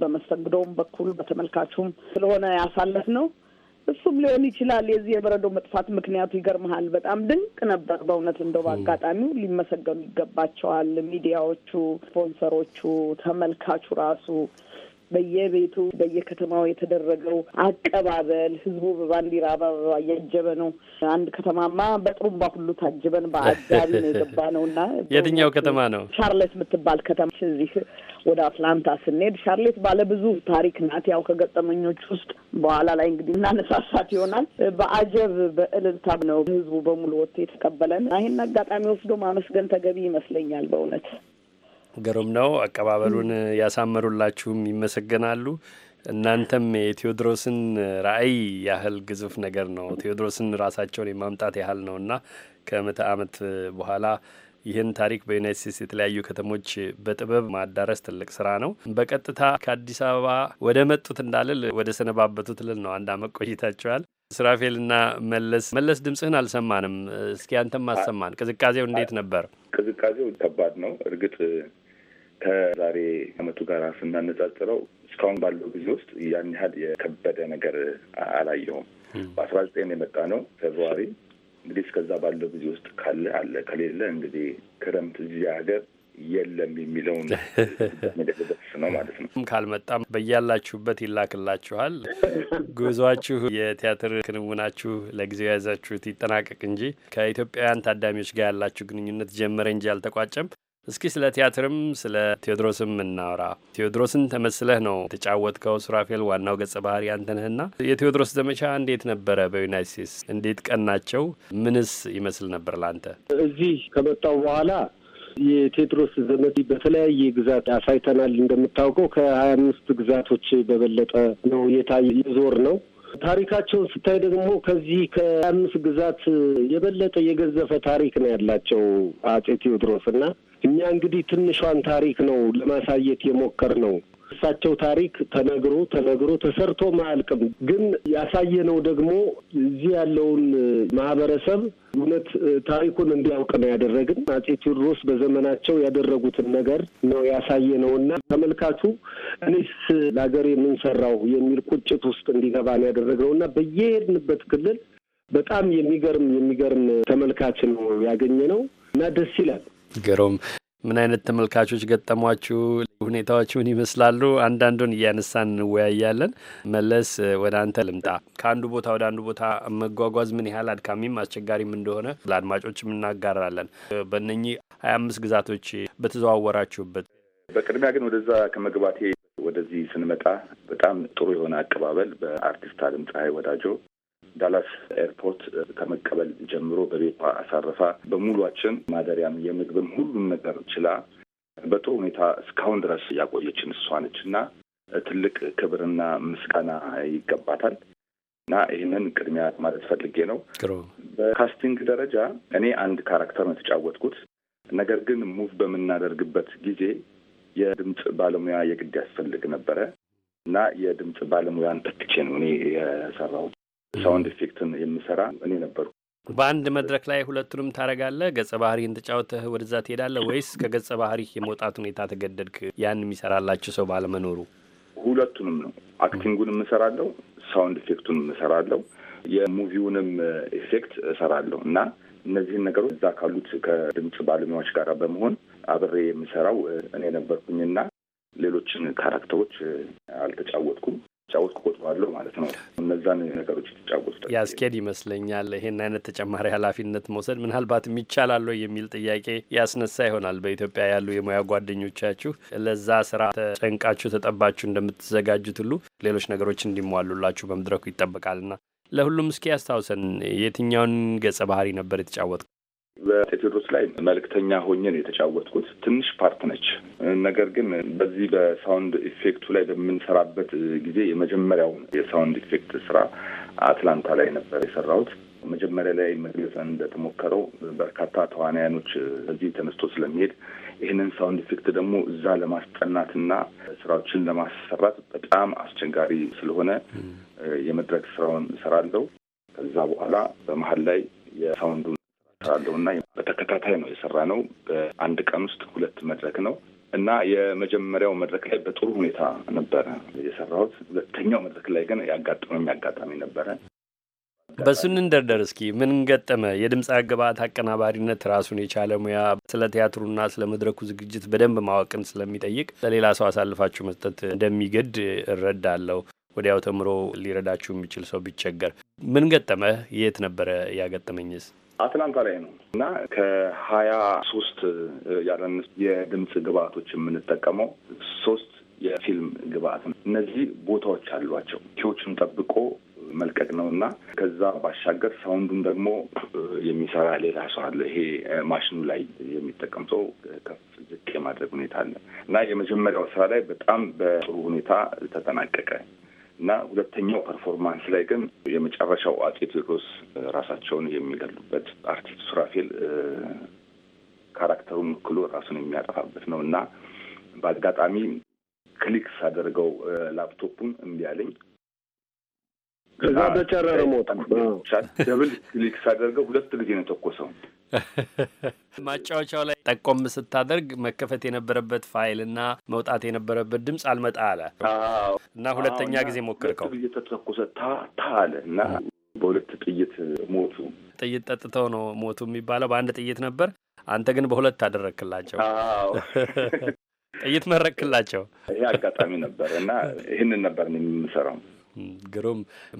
በመስተንግዶውም በኩል በተመልካቹም ስለሆነ ያሳለፍ ነው። እሱም ሊሆን ይችላል የዚህ የበረዶ መጥፋት ምክንያቱ። ይገርመሃል፣ በጣም ድንቅ ነበር በእውነት እንደው በአጋጣሚው ሊመሰገኑ ይገባቸዋል። ሚዲያዎቹ፣ ስፖንሰሮቹ፣ ተመልካቹ ራሱ በየቤቱ በየከተማው የተደረገው አቀባበል ህዝቡ በባንዲራ አበባ እያጀበ ነው። አንድ ከተማማ በጥሩምባ ሁሉ ታጅበን በአጋቢ ነው የገባ ነው እና የትኛው ከተማ ነው? ሻርሌት የምትባል ከተማ እዚህ ወደ አትላንታ ስንሄድ ሻርሌት ባለ ብዙ ታሪክ ናት። ያው ከገጠመኞች ውስጥ በኋላ ላይ እንግዲህ እናነሳሳት ይሆናል። በአጀብ በእልልታ ነው ህዝቡ በሙሉ ወጥቶ የተቀበለን። ይህን አጋጣሚ ወስዶ ማመስገን ተገቢ ይመስለኛል በእውነት ግሩም ነው። አቀባበሉን ያሳመሩላችሁም ይመሰገናሉ። እናንተም የቴዎድሮስን ራዕይ ያህል ግዙፍ ነገር ነው። ቴዎድሮስን ራሳቸውን የማምጣት ያህል ነው እና ከምዕተ ዓመት በኋላ ይህን ታሪክ በዩናይት ስቴትስ የተለያዩ ከተሞች በጥበብ ማዳረስ ትልቅ ስራ ነው። በቀጥታ ከአዲስ አበባ ወደ መጡት እንዳልል ወደ ሰነባበቱት ልል ነው። አንድ አመት ቆይታችኋል። ስራፌልና መለስ መለስ ድምፅህን አልሰማንም። እስኪ አንተም አሰማን። ቅዝቃዜው እንዴት ነበር? ቅዝቃዜው ከባድ ነው እርግጥ ከዛሬ አመቱ ጋር ስናነጻጽረው እስካሁን ባለው ጊዜ ውስጥ ያን ያህል የከበደ ነገር አላየሁም። በአስራ ዘጠኝ የመጣ ነው ፌብሩዋሪ እንግዲህ እስከዛ ባለው ጊዜ ውስጥ ካለ አለ፣ ከሌለ እንግዲህ ክረምት እዚህ ሀገር የለም የሚለውን ደስ ነው ማለት ነው። ካልመጣም በያላችሁበት ይላክላችኋል። ጉዟችሁ፣ የቲያትር ክንውናችሁ ለጊዜው የያዛችሁት ይጠናቀቅ እንጂ ከኢትዮጵያውያን ታዳሚዎች ጋር ያላችሁ ግንኙነት ጀመረ እንጂ አልተቋጨም። እስኪ ስለ ቲያትርም ስለ ቴዎድሮስም እናውራ። ቴዎድሮስን ተመስለህ ነው የተጫወትከው። ሱራፌል ዋናው ገጸ ባህሪ አንተነህና የቴዎድሮስ ዘመቻ እንዴት ነበረ? በዩናይት ስቴትስ እንዴት ቀናቸው? ምንስ ይመስል ነበር ለአንተ? እዚህ ከመጣው በኋላ የቴዎድሮስ ዘመቻ በተለያየ ግዛት አሳይተናል። እንደምታውቀው ከሀያ አምስት ግዛቶች በበለጠ ነው የታየ የዞር ነው ታሪካቸውን ስታይ ደግሞ ከዚህ ከአምስት ግዛት የበለጠ የገዘፈ ታሪክ ነው ያላቸው አጼ ቴዎድሮስ እና እኛ እንግዲህ ትንሿን ታሪክ ነው ለማሳየት የሞከር ነው። እሳቸው ታሪክ ተነግሮ ተነግሮ ተሰርቶ ማያልቅም። ግን ያሳየነው ደግሞ እዚህ ያለውን ማህበረሰብ እውነት ታሪኩን እንዲያውቅ ነው ያደረግን። አጼ ቴዎድሮስ በዘመናቸው ያደረጉትን ነገር ነው ያሳየነው እና ተመልካቹ እኔስ ለሀገር የምንሰራው የሚል ቁጭት ውስጥ እንዲገባ ነው ያደረግነው እና በየሄድንበት ክልል በጣም የሚገርም የሚገርም ተመልካች ነው ያገኘ ነው እና ደስ ይላል። ግሩም ምን አይነት ተመልካቾች ገጠሟችሁ? ሁኔታዎች ምን ይመስላሉ? አንዳንዱን እያነሳን እንወያያለን። መለስ ወደ አንተ ልምጣ። ከአንዱ ቦታ ወደ አንዱ ቦታ መጓጓዝ ምን ያህል አድካሚም አስቸጋሪም እንደሆነ ለአድማጮችም እናጋራለን። በእነኚህ ሀያ አምስት ግዛቶች በተዘዋወራችሁበት በቅድሚያ ግን ወደዛ ከመግባቴ ወደዚህ ስንመጣ በጣም ጥሩ የሆነ አቀባበል በአርቲስት አለም ፀሐይ ወዳጆ ዳላስ ኤርፖርት ከመቀበል ጀምሮ በቤቷ አሳርፋ በሙሏችን ማደሪያም የምግብም ሁሉም ነገር ችላ በጥሩ ሁኔታ እስካሁን ድረስ ያቆየችን እሷ ነች እና ትልቅ ክብርና ምስጋና ይገባታል እና ይህንን ቅድሚያ ማለት ፈልጌ ነው። በካስቲንግ ደረጃ እኔ አንድ ካራክተር ነው የተጫወትኩት። ነገር ግን ሙቭ በምናደርግበት ጊዜ የድምፅ ባለሙያ የግድ ያስፈልግ ነበረ እና የድምፅ ባለሙያን ተክቼ ነው እኔ የሰራሁት። ሳውንድ ኢፌክትን የምሰራ እኔ ነበርኩ። በአንድ መድረክ ላይ ሁለቱንም ታደርጋለህ ገጸ ባህሪህን ተጫውተህ ወደዛ ትሄዳለህ ወይስ ከገጸ ባህሪህ የመውጣት ሁኔታ ተገደድክ? ያን የሚሰራላቸው ሰው ባለመኖሩ። ሁለቱንም ነው። አክቲንጉን የምሰራለው፣ ሳውንድ ኢፌክቱን የምሰራለው፣ የሙቪውንም ኢፌክት እሰራለሁ እና እነዚህን ነገሮች እዛ ካሉት ከድምፅ ባለሙያዎች ጋር በመሆን አብሬ የምሰራው እኔ ነበርኩኝና ሌሎችን ካራክተሮች አልተጫወትኩም። ሲጫወት ቆጥሯለሁ ማለት ነው። እነዛን ነገሮች የተጫወት ያስኬድ ይመስለኛል። ይሄን አይነት ተጨማሪ ኃላፊነት መውሰድ ምናልባትም ይቻላል የሚል ጥያቄ ያስነሳ ይሆናል። በኢትዮጵያ ያሉ የሙያ ጓደኞቻችሁ ለዛ ስራ ተጨንቃችሁ ተጠባችሁ እንደምትዘጋጁት ሁሉ ሌሎች ነገሮች እንዲሟሉላችሁ በመድረኩ ይጠበቃልና ለሁሉም እስኪ ያስታውሰን የትኛውን ገጸ ባህሪ ነበር የተጫወት በቴዎድሮስ ላይ መልእክተኛ ሆኜን የተጫወትኩት ትንሽ ፓርት ነች። ነገር ግን በዚህ በሳውንድ ኢፌክቱ ላይ በምንሰራበት ጊዜ የመጀመሪያውን የሳውንድ ኢፌክት ስራ አትላንታ ላይ ነበር የሰራሁት። መጀመሪያ ላይ መግለጽ እንደተሞከረው በርካታ ተዋናያኖች እዚህ ተነስቶ ስለሚሄድ ይህንን ሳውንድ ኢፌክት ደግሞ እዛ ለማስጠናትና ስራዎችን ለማሰራት በጣም አስቸጋሪ ስለሆነ የመድረክ ስራውን እሰራለሁ። ከዛ በኋላ በመሀል ላይ የሳውንዱን አለው እና በተከታታይ ነው የሰራ ነው። በአንድ ቀን ውስጥ ሁለት መድረክ ነው እና የመጀመሪያው መድረክ ላይ በጥሩ ሁኔታ ነበረ የሰራሁት። ሁለተኛው መድረክ ላይ ግን ያጋጠመኝ አጋጣሚ ነበረ። በሱን እንደርደር እስኪ ምን ገጠመ? የድምፅ አገባት አቀናባሪነት ራሱን የቻለ ሙያ ስለ ቲያትሩና ስለ መድረኩ ዝግጅት በደንብ ማወቅን ስለሚጠይቅ ለሌላ ሰው አሳልፋችሁ መስጠት እንደሚገድ እረዳለሁ። ወዲያው ተምሮ ሊረዳችሁ የሚችል ሰው ቢቸገር ምን ገጠመ? የት ነበረ ያገጠመኝስ? አትላንታ ላይ ነው እና ከሀያ ሶስት ያለን የድምፅ ግብአቶች የምንጠቀመው ሶስት የፊልም ግብአት ነው። እነዚህ ቦታዎች አሏቸው ኪዎችን ጠብቆ መልቀቅ ነው እና ከዛ ባሻገር ሳውንዱን ደግሞ የሚሰራ ሌላ ሰው አለ። ይሄ ማሽኑ ላይ የሚጠቀም ሰው ከፍ ዝቅ የማድረግ ሁኔታ አለ እና የመጀመሪያው ስራ ላይ በጣም በጥሩ ሁኔታ ተጠናቀቀ። እና ሁለተኛው ፐርፎርማንስ ላይ ግን የመጨረሻው አጼ ቴዎድሮስ ራሳቸውን የሚገሉበት አርቲስት ሱራፌል ካራክተሩን ክሎ ራሱን የሚያጠፋበት ነው እና በአጋጣሚ ክሊክ ሳደርገው ላፕቶፑን እምቢ አለኝ። ከዛ በጨረረ ሞት ደብል ክሊክ ሳደርገው ሁለት ጊዜ ነው የተኮሰው። ማጫወቻው ላይ ጠቆም ስታደርግ መከፈት የነበረበት ፋይል እና መውጣት የነበረበት ድምፅ አልመጣ አለ እና ሁለተኛ ጊዜ ሞክርከው እየተተኮሰ ታ አለ እና በሁለት ጥይት ሞቱ። ጥይት ጠጥተው ነው ሞቱ የሚባለው። በአንድ ጥይት ነበር። አንተ ግን በሁለት አደረክላቸው፣ ጥይት መረክላቸው። ይሄ አጋጣሚ ነበር እና ይህንን ነበር የምሰራው። ግሩም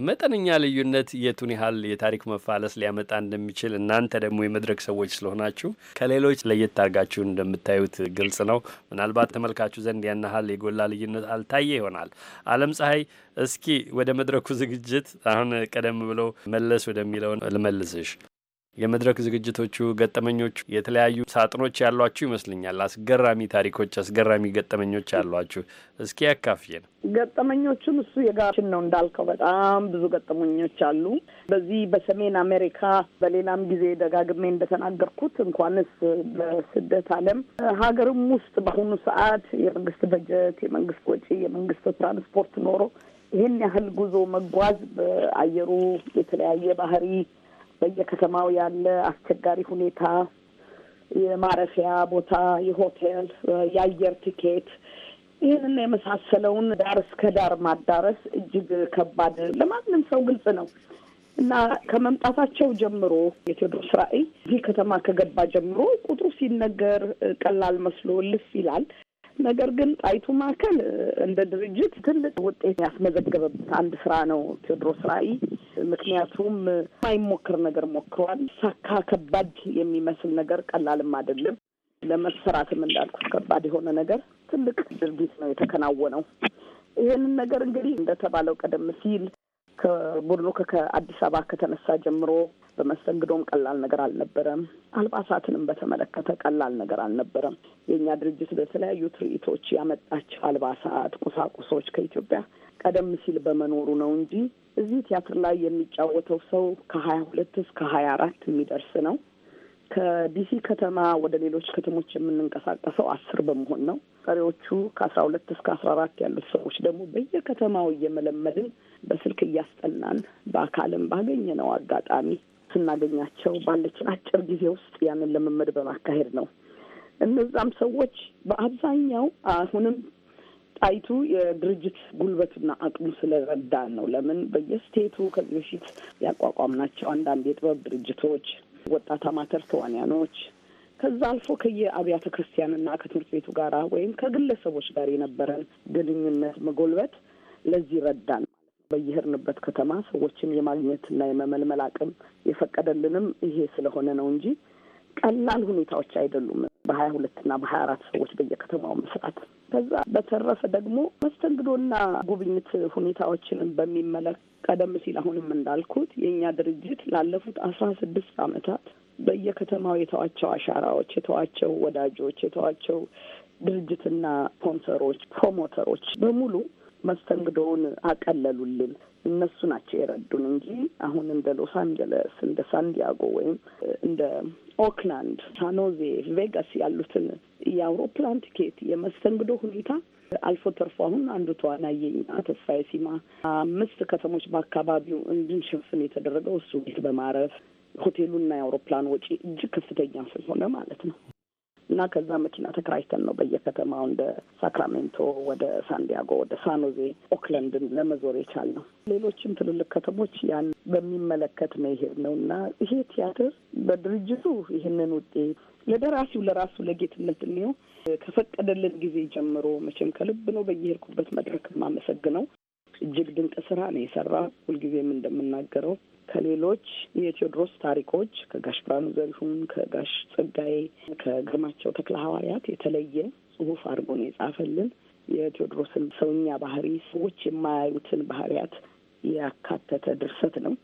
መጠነኛ ልዩነት የቱን ያህል የታሪክ መፋለስ ሊያመጣ እንደሚችል እናንተ ደግሞ የመድረክ ሰዎች ስለሆናችሁ ከሌሎች ለየት አድርጋችሁ እንደምታዩት ግልጽ ነው። ምናልባት ተመልካቹ ዘንድ ያን ያህል የጎላ ልዩነት አልታየ ይሆናል። አለም ፀሐይ፣ እስኪ ወደ መድረኩ ዝግጅት አሁን ቀደም ብሎ መለስ ወደሚለውን ልመልስሽ። የመድረክ ዝግጅቶቹ፣ ገጠመኞቹ የተለያዩ ሳጥኖች ያሏችሁ ይመስለኛል። አስገራሚ ታሪኮች፣ አስገራሚ ገጠመኞች ያሏችሁ እስኪ ያካፍየን። ገጠመኞቹን እሱ የጋችን ነው እንዳልከው፣ በጣም ብዙ ገጠመኞች አሉ። በዚህ በሰሜን አሜሪካ በሌላም ጊዜ ደጋግሜ እንደተናገርኩት እንኳንስ በስደት ዓለም ሀገርም ውስጥ በአሁኑ ሰዓት የመንግስት በጀት፣ የመንግስት ወጪ፣ የመንግስት ትራንስፖርት ኖሮ ይህን ያህል ጉዞ መጓዝ በአየሩ የተለያየ ባህሪ በየከተማው ያለ አስቸጋሪ ሁኔታ፣ የማረፊያ ቦታ፣ የሆቴል፣ የአየር ቲኬት ይህንን የመሳሰለውን ዳር እስከ ዳር ማዳረስ እጅግ ከባድ ለማንም ሰው ግልጽ ነው እና ከመምጣታቸው ጀምሮ የቴዎድሮስ ራዕይ እዚህ ከተማ ከገባ ጀምሮ ቁጥሩ ሲነገር ቀላል መስሎ ልፍ ይላል። ነገር ግን ጣይቱ ማዕከል እንደ ድርጅት ትልቅ ውጤት ያስመዘገበበት አንድ ስራ ነው ቴዎድሮስ ራዕይ። ምክንያቱም የማይሞክር ነገር ሞክሯል። ሳካ ከባድ የሚመስል ነገር ቀላልም አይደለም። ለመሰራትም እንዳልኩት ከባድ የሆነ ነገር ትልቅ ድርጊት ነው የተከናወነው። ይህንን ነገር እንግዲህ እንደተባለው ቀደም ሲል ከቡድኑ ከአዲስ አበባ ከተነሳ ጀምሮ በመስተንግዶም ቀላል ነገር አልነበረም። አልባሳትንም በተመለከተ ቀላል ነገር አልነበረም። የእኛ ድርጅት በተለያዩ ትርኢቶች ያመጣቸው አልባሳት፣ ቁሳቁሶች ከኢትዮጵያ ቀደም ሲል በመኖሩ ነው እንጂ እዚህ ቲያትር ላይ የሚጫወተው ሰው ከሀያ ሁለት እስከ ሀያ አራት የሚደርስ ነው። ከዲሲ ከተማ ወደ ሌሎች ከተሞች የምንንቀሳቀሰው አስር በመሆን ነው። ቀሪዎቹ ከአስራ ሁለት እስከ አስራ አራት ያሉት ሰዎች ደግሞ በየከተማው እየመለመድን በስልክ እያስጠናን በአካልም ባገኘነው አጋጣሚ ስናገኛቸው ባለችን አጭር ጊዜ ውስጥ ያንን ልምምድ በማካሄድ ነው። እነዛም ሰዎች በአብዛኛው አሁንም ጣይቱ የድርጅት ጉልበትና አቅሙ ስለረዳን ነው። ለምን በየስቴቱ ከዚህ በፊት ያቋቋምናቸው አንዳንድ የጥበብ ድርጅቶች ወጣት አማተር ተዋንያኖች ከዛ አልፎ ከየአብያተ ክርስቲያንና ከትምህርት ቤቱ ጋር ወይም ከግለሰቦች ጋር የነበረን ግንኙነት መጎልበት ለዚህ ረዳን ማለት ነው። በየሄድንበት ከተማ ሰዎችን የማግኘትና የመመልመል አቅም የፈቀደልንም ይሄ ስለሆነ ነው እንጂ ቀላል ሁኔታዎች አይደሉም። በሀያ ሁለትና በሀያ አራት ሰዎች በየከተማው መስራት ከዛ በተረፈ ደግሞ መስተንግዶና ጉብኝት ሁኔታዎችንም በሚመለክ ቀደም ሲል አሁንም እንዳልኩት የእኛ ድርጅት ላለፉት አስራ ስድስት አመታት በየከተማው የተዋቸው አሻራዎች፣ የተዋቸው ወዳጆች፣ የተዋቸው ድርጅትና ስፖንሰሮች፣ ፕሮሞተሮች በሙሉ መስተንግዶውን አቀለሉልን። እነሱ ናቸው የረዱን እንጂ አሁን እንደ ሎስ አንጀለስ፣ እንደ ሳንዲያጎ ወይም እንደ ኦክላንድ፣ ሳኖዜ፣ ቬጋስ ያሉትን የአውሮፕላን ቲኬት የመስተንግዶ ሁኔታ አልፎ ተርፎ አሁን አንዱ ተዋናየኛ ተስፋዬ ሲማ አምስት ከተሞች በአካባቢው እንድንሸፍን የተደረገው እሱ ቤት በማረፍ ሆቴሉና የአውሮፕላን ወጪ እጅግ ከፍተኛ ስለሆነ ማለት ነው። እና ከዛ መኪና ተከራይተን ነው በየከተማው እንደ ሳክራሜንቶ ወደ ሳንዲያጎ፣ ወደ ሳኖዜ፣ ኦክላንድ ለመዞር የቻልነው። ሌሎችም ትልልቅ ከተሞች ያን በሚመለከት ነው የሄድነው እና ይሄ ቲያትር በድርጅቱ ይህንን ውጤት ለደራሲው ለራሱ ለጌትነት እንየው ከፈቀደልን ጊዜ ጀምሮ መቼም ከልብ ነው በየሄድኩበት መድረክ የማመሰግነው። እጅግ ድንቅ ስራ ነው የሰራ። ሁልጊዜም እንደምናገረው ከሌሎች የቴዎድሮስ ታሪኮች ከጋሽ ብርሃኑ ዘሪሁን፣ ከጋሽ ጸጋዬ፣ ከግርማቸው ተክለ ሐዋርያት የተለየ ጽሁፍ አድርጎ ነው የጻፈልን። የቴዎድሮስን ሰውኛ ባህሪ፣ ሰዎች የማያዩትን ባህሪያት ያካተተ ድርሰት ነው።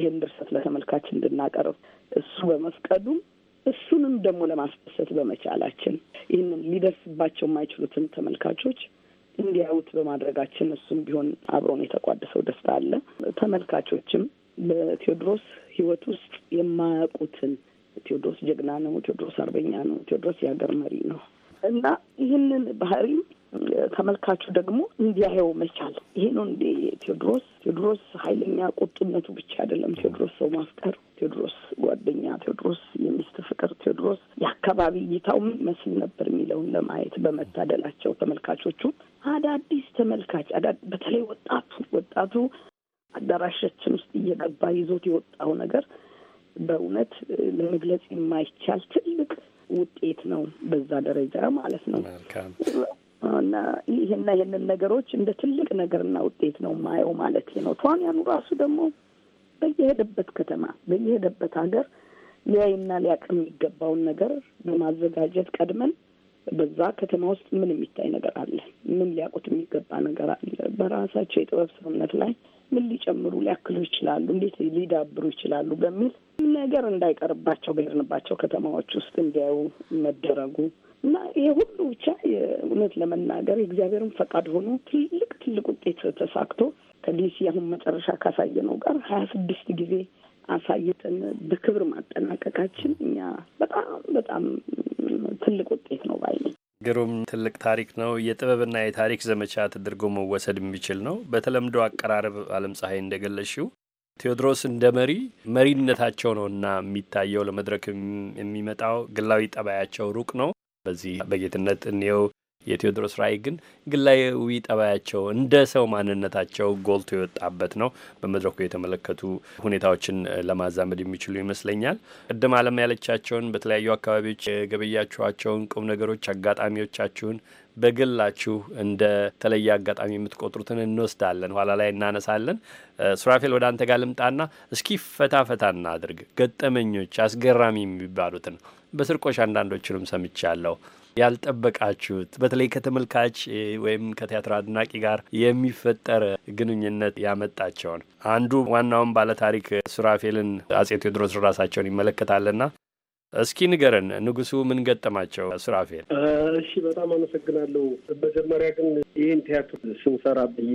ይህን ድርሰት ለተመልካች እንድናቀርብ እሱ በመፍቀዱም እሱንም ደግሞ ለማስደሰት በመቻላችን ይህንን ሊደርስባቸው የማይችሉትን ተመልካቾች እንዲያዩት በማድረጋችን እሱም ቢሆን አብሮን የተቋደሰው ደስታ አለ። ተመልካቾችም በቴዎድሮስ ህይወት ውስጥ የማያውቁትን ቴዎድሮስ ጀግና ነው፣ ቴዎድሮስ አርበኛ ነው፣ ቴዎድሮስ የሀገር መሪ ነው እና ይህንን ባህሪም ተመልካቹ ደግሞ እንዲያየው መቻል። ይሄ ነው እንዴ ቴዎድሮስ። ቴዎድሮስ ኃይለኛ ቁጡነቱ ብቻ አይደለም። ቴዎድሮስ ሰው ማፍቀር፣ ቴዎድሮስ ጓደኛ፣ ቴዎድሮስ የሚስት ፍቅር፣ ቴዎድሮስ የአካባቢ እይታው ምን መስል ነበር የሚለውን ለማየት በመታደላቸው ተመልካቾቹ አዳዲስ ተመልካች በተለይ ወጣቱ ወጣቱ አዳራሻችን ውስጥ እየገባ ይዞት የወጣው ነገር በእውነት ለመግለጽ የማይቻል ትልቅ ውጤት ነው። በዛ ደረጃ ማለት ነው። እና ይህና ይህንን ነገሮች እንደ ትልቅ ነገርና ውጤት ነው ማየው ማለት ነው። ተዋንያኑ ራሱ ደግሞ በየሄደበት ከተማ በየሄደበት ሀገር ሊያይና ሊያቅም የሚገባውን ነገር በማዘጋጀት ቀድመን በዛ ከተማ ውስጥ ምን የሚታይ ነገር አለ? ምን ሊያውቁት የሚገባ ነገር አለ? በራሳቸው የጥበብ ሰውነት ላይ ምን ሊጨምሩ ሊያክሉ ይችላሉ? እንዴት ሊዳብሩ ይችላሉ? በሚል ነገር እንዳይቀርባቸው በሄድንባቸው ከተማዎች ውስጥ እንዲያዩ መደረጉ እና ይህ ሁሉ ብቻ እውነት ለመናገር የእግዚአብሔርን ፈቃድ ሆኖ ትልቅ ትልቅ ውጤት ተሳክቶ ከዲሲ አሁን መጨረሻ ካሳየ ነው ጋር ሀያ ስድስት ጊዜ አሳይተን በክብር ማጠናቀቃችን እኛ በጣም በጣም ትልቅ ውጤት ነው ባይ ግሩም ትልቅ ታሪክ ነው። የጥበብና የታሪክ ዘመቻ ተደርጎ መወሰድ የሚችል ነው። በተለምዶ አቀራረብ አለም ፀሐይ እንደገለሽው ቴዎድሮስ እንደ መሪ መሪነታቸው ነው እና የሚታየው ለመድረክ የሚመጣው ግላዊ ጠባያቸው ሩቅ ነው። በዚህ በጌትነት እንየው የቴዎድሮስ ራዕይ ግን ግላዊ ጠባያቸው እንደ ሰው ማንነታቸው ጎልቶ የወጣበት ነው። በመድረኩ የተመለከቱ ሁኔታዎችን ለማዛመድ የሚችሉ ይመስለኛል። ቅድም አለም ያለቻቸውን በተለያዩ አካባቢዎች የገበያችኋቸውን ቁም ነገሮች፣ አጋጣሚዎቻችሁን በግላችሁ እንደ ተለየ አጋጣሚ የምትቆጥሩትን እንወስዳለን፣ ኋላ ላይ እናነሳለን። ሱራፌል ወደ አንተ ጋር ልምጣና እስኪ ፈታ ፈታ እናድርግ ገጠመኞች አስገራሚ የሚባሉትን በስርቆሽ አንዳንዶችንም ሰምቻለሁ። ያልጠበቃችሁት በተለይ ከተመልካች ወይም ከቲያትር አድናቂ ጋር የሚፈጠር ግንኙነት ያመጣቸውን አንዱ ዋናውን ባለታሪክ ሱራፌልን አጼ ቴዎድሮስ ራሳቸውን ይመለከታልና እስኪ ንገረን ንጉሱ ምን ገጠማቸው ሱራፌል? እሺ፣ በጣም አመሰግናለሁ። መጀመሪያ ግን ይህን ቲያትር ስንሰራ ብዬ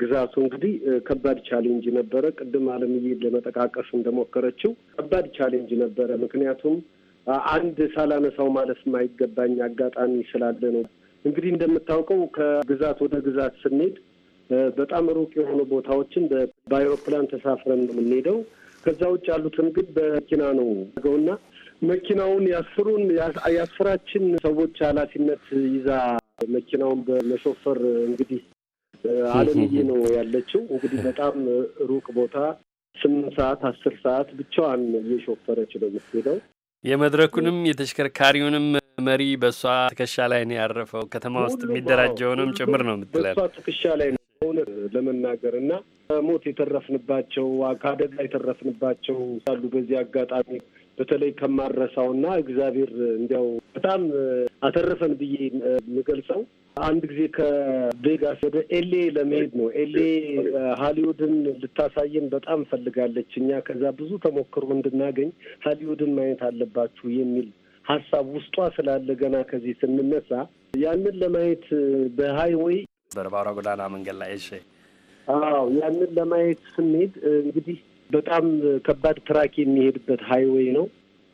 ግዛቱ እንግዲህ ከባድ ቻሌንጅ ነበረ። ቅድም አለምዬ ለመጠቃቀስ እንደሞከረችው ከባድ ቻሌንጅ ነበረ። ምክንያቱም አንድ ሳላነሳው ማለፍ የማይገባኝ አጋጣሚ ስላለ ነው። እንግዲህ እንደምታውቀው ከግዛት ወደ ግዛት ስንሄድ በጣም ሩቅ የሆኑ ቦታዎችን በአይሮፕላን ተሳፍረን ነው የምንሄደው። ከዛ ውጭ ያሉትን ግን በመኪና ነው ገውና መኪናውን ያስሩን ያስፍራችን ሰዎች ኃላፊነት ይዛ መኪናውን በመሾፈር እንግዲህ አለምዬ ነው ያለችው። እንግዲህ በጣም ሩቅ ቦታ ስምንት ሰዓት አስር ሰዓት ብቻዋን እየሾፈረች ነው የምትሄደው። የመድረኩንም የተሽከርካሪውንም መሪ በእሷ ትከሻ ላይ ነው ያረፈው። ከተማ ውስጥ የሚደራጀውንም ጭምር ነው የምትለን በእሷ ትከሻ ላይ ነው እውነት ለመናገር እና ሞት የተረፍንባቸው ከአደጋ የተረፍንባቸው አሉ። በዚህ አጋጣሚ በተለይ ከማረሳውና እግዚአብሔር እንዲያው በጣም አተረፈን ብዬ የምገልጸው አንድ ጊዜ ከቬጋስ ወደ ኤልኤ ለመሄድ ነው። ኤሌ ሀሊውድን ልታሳየን በጣም ፈልጋለች። እኛ ከዛ ብዙ ተሞክሮ እንድናገኝ ሀሊውድን ማየት አለባችሁ የሚል ሀሳብ ውስጧ ስላለ ገና ከዚህ ስንነሳ ያንን ለማየት በሃይዌይ በርባራ ጎዳና መንገድ ላይ እሺ፣ አዎ ያንን ለማየት ስንሄድ እንግዲህ በጣም ከባድ ትራክ የሚሄድበት ሀይዌይ ነው።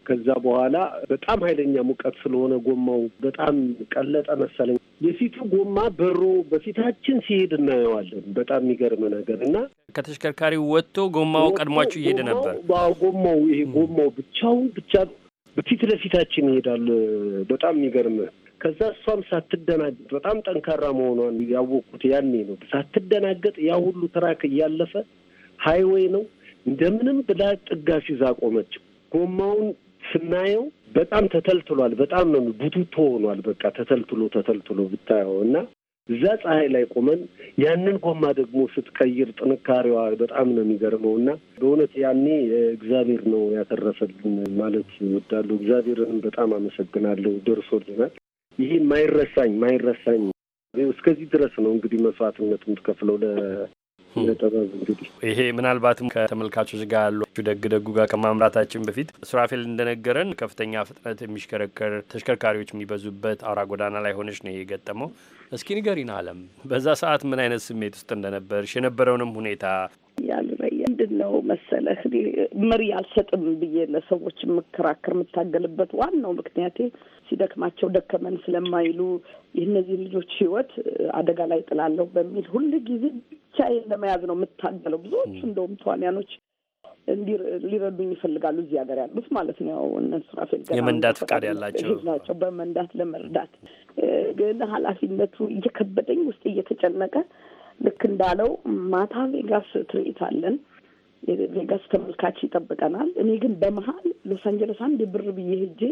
ከዛ በኋላ በጣም ኃይለኛ ሙቀት ስለሆነ ጎማው በጣም ቀለጠ መሰለኝ። የፊቱ ጎማ በሮ በፊታችን ሲሄድ እናየዋለን። በጣም የሚገርም ነገር እና ከተሽከርካሪው ወጥቶ ጎማው ቀድሟችሁ እየሄደ ነበር። ጎማው ይሄ ጎማው ብቻው ብቻ በፊት ለፊታችን ይሄዳል። በጣም የሚገርም ከዛ እሷም ሳትደናገጥ በጣም ጠንካራ መሆኗን ያወቅኩት ያኔ ነው። ሳትደናገጥ ያ ሁሉ ትራክ እያለፈ ሀይዌይ ነው እንደምንም ብላ ጥጋሽ ይዛ ቆመች ጎማውን ስናየው በጣም ተተልትሏል። በጣም ነው ቡቱቶ ሆኗል። በቃ ተተልትሎ ተተልትሎ ብታየው እና እዛ ፀሐይ ላይ ቆመን ያንን ጎማ ደግሞ ስትቀይር ጥንካሬዋ በጣም ነው የሚገርመው እና በእውነት ያኔ እግዚአብሔር ነው ያተረፈልን ማለት እወዳለሁ። እግዚአብሔርንም በጣም አመሰግናለሁ። ደርሶልናል። ይህ ማይረሳኝ ማይረሳኝ እስከዚህ ድረስ ነው እንግዲህ መስዋዕትነት የምትከፍለው ይሄ ምናልባትም ከተመልካቾች ጋር ያሉ ደግ ደጉ ጋር ከማምራታችን በፊት ሱራፌል እንደነገረን ከፍተኛ ፍጥነት የሚሽከረከር ተሽከርካሪዎች የሚበዙበት አውራ ጎዳና ላይ ሆነች ነው የገጠመው። እስኪ ንገሪን አለም፣ በዛ ሰዓት ምን አይነት ስሜት ውስጥ እንደነበርሽ የነበረውንም ሁኔታ ያሉ ምንድን ነው መሰለህ መሪ አልሰጥም ብዬ ለሰዎች የምከራከር የምታገልበት ዋናው ምክንያቴ ሲደክማቸው ደከመን ስለማይሉ የእነዚህን ልጆች ህይወት አደጋ ላይ ጥላለሁ በሚል ሁል ጊዜ ብቻዬን ለመያዝ ነው የምታገለው። ብዙዎቹ እንደውም ተዋንያኖች ሊረዱኝ ይፈልጋሉ እዚህ ሀገር ያሉት ማለት ነው። እነሱ ራፌል የመንዳት ፍቃድ ያላቸው ናቸው። በመንዳት ለመርዳት ግን ኃላፊነቱ እየከበደኝ ውስጥ እየተጨነቀ ልክ እንዳለው ማታ ቬጋስ ትርኢት አለን የቬጋስ ተመልካች ይጠብቀናል። እኔ ግን በመሀል ሎስ አንጀለስ አንድ ብር ብዬ ሄጄ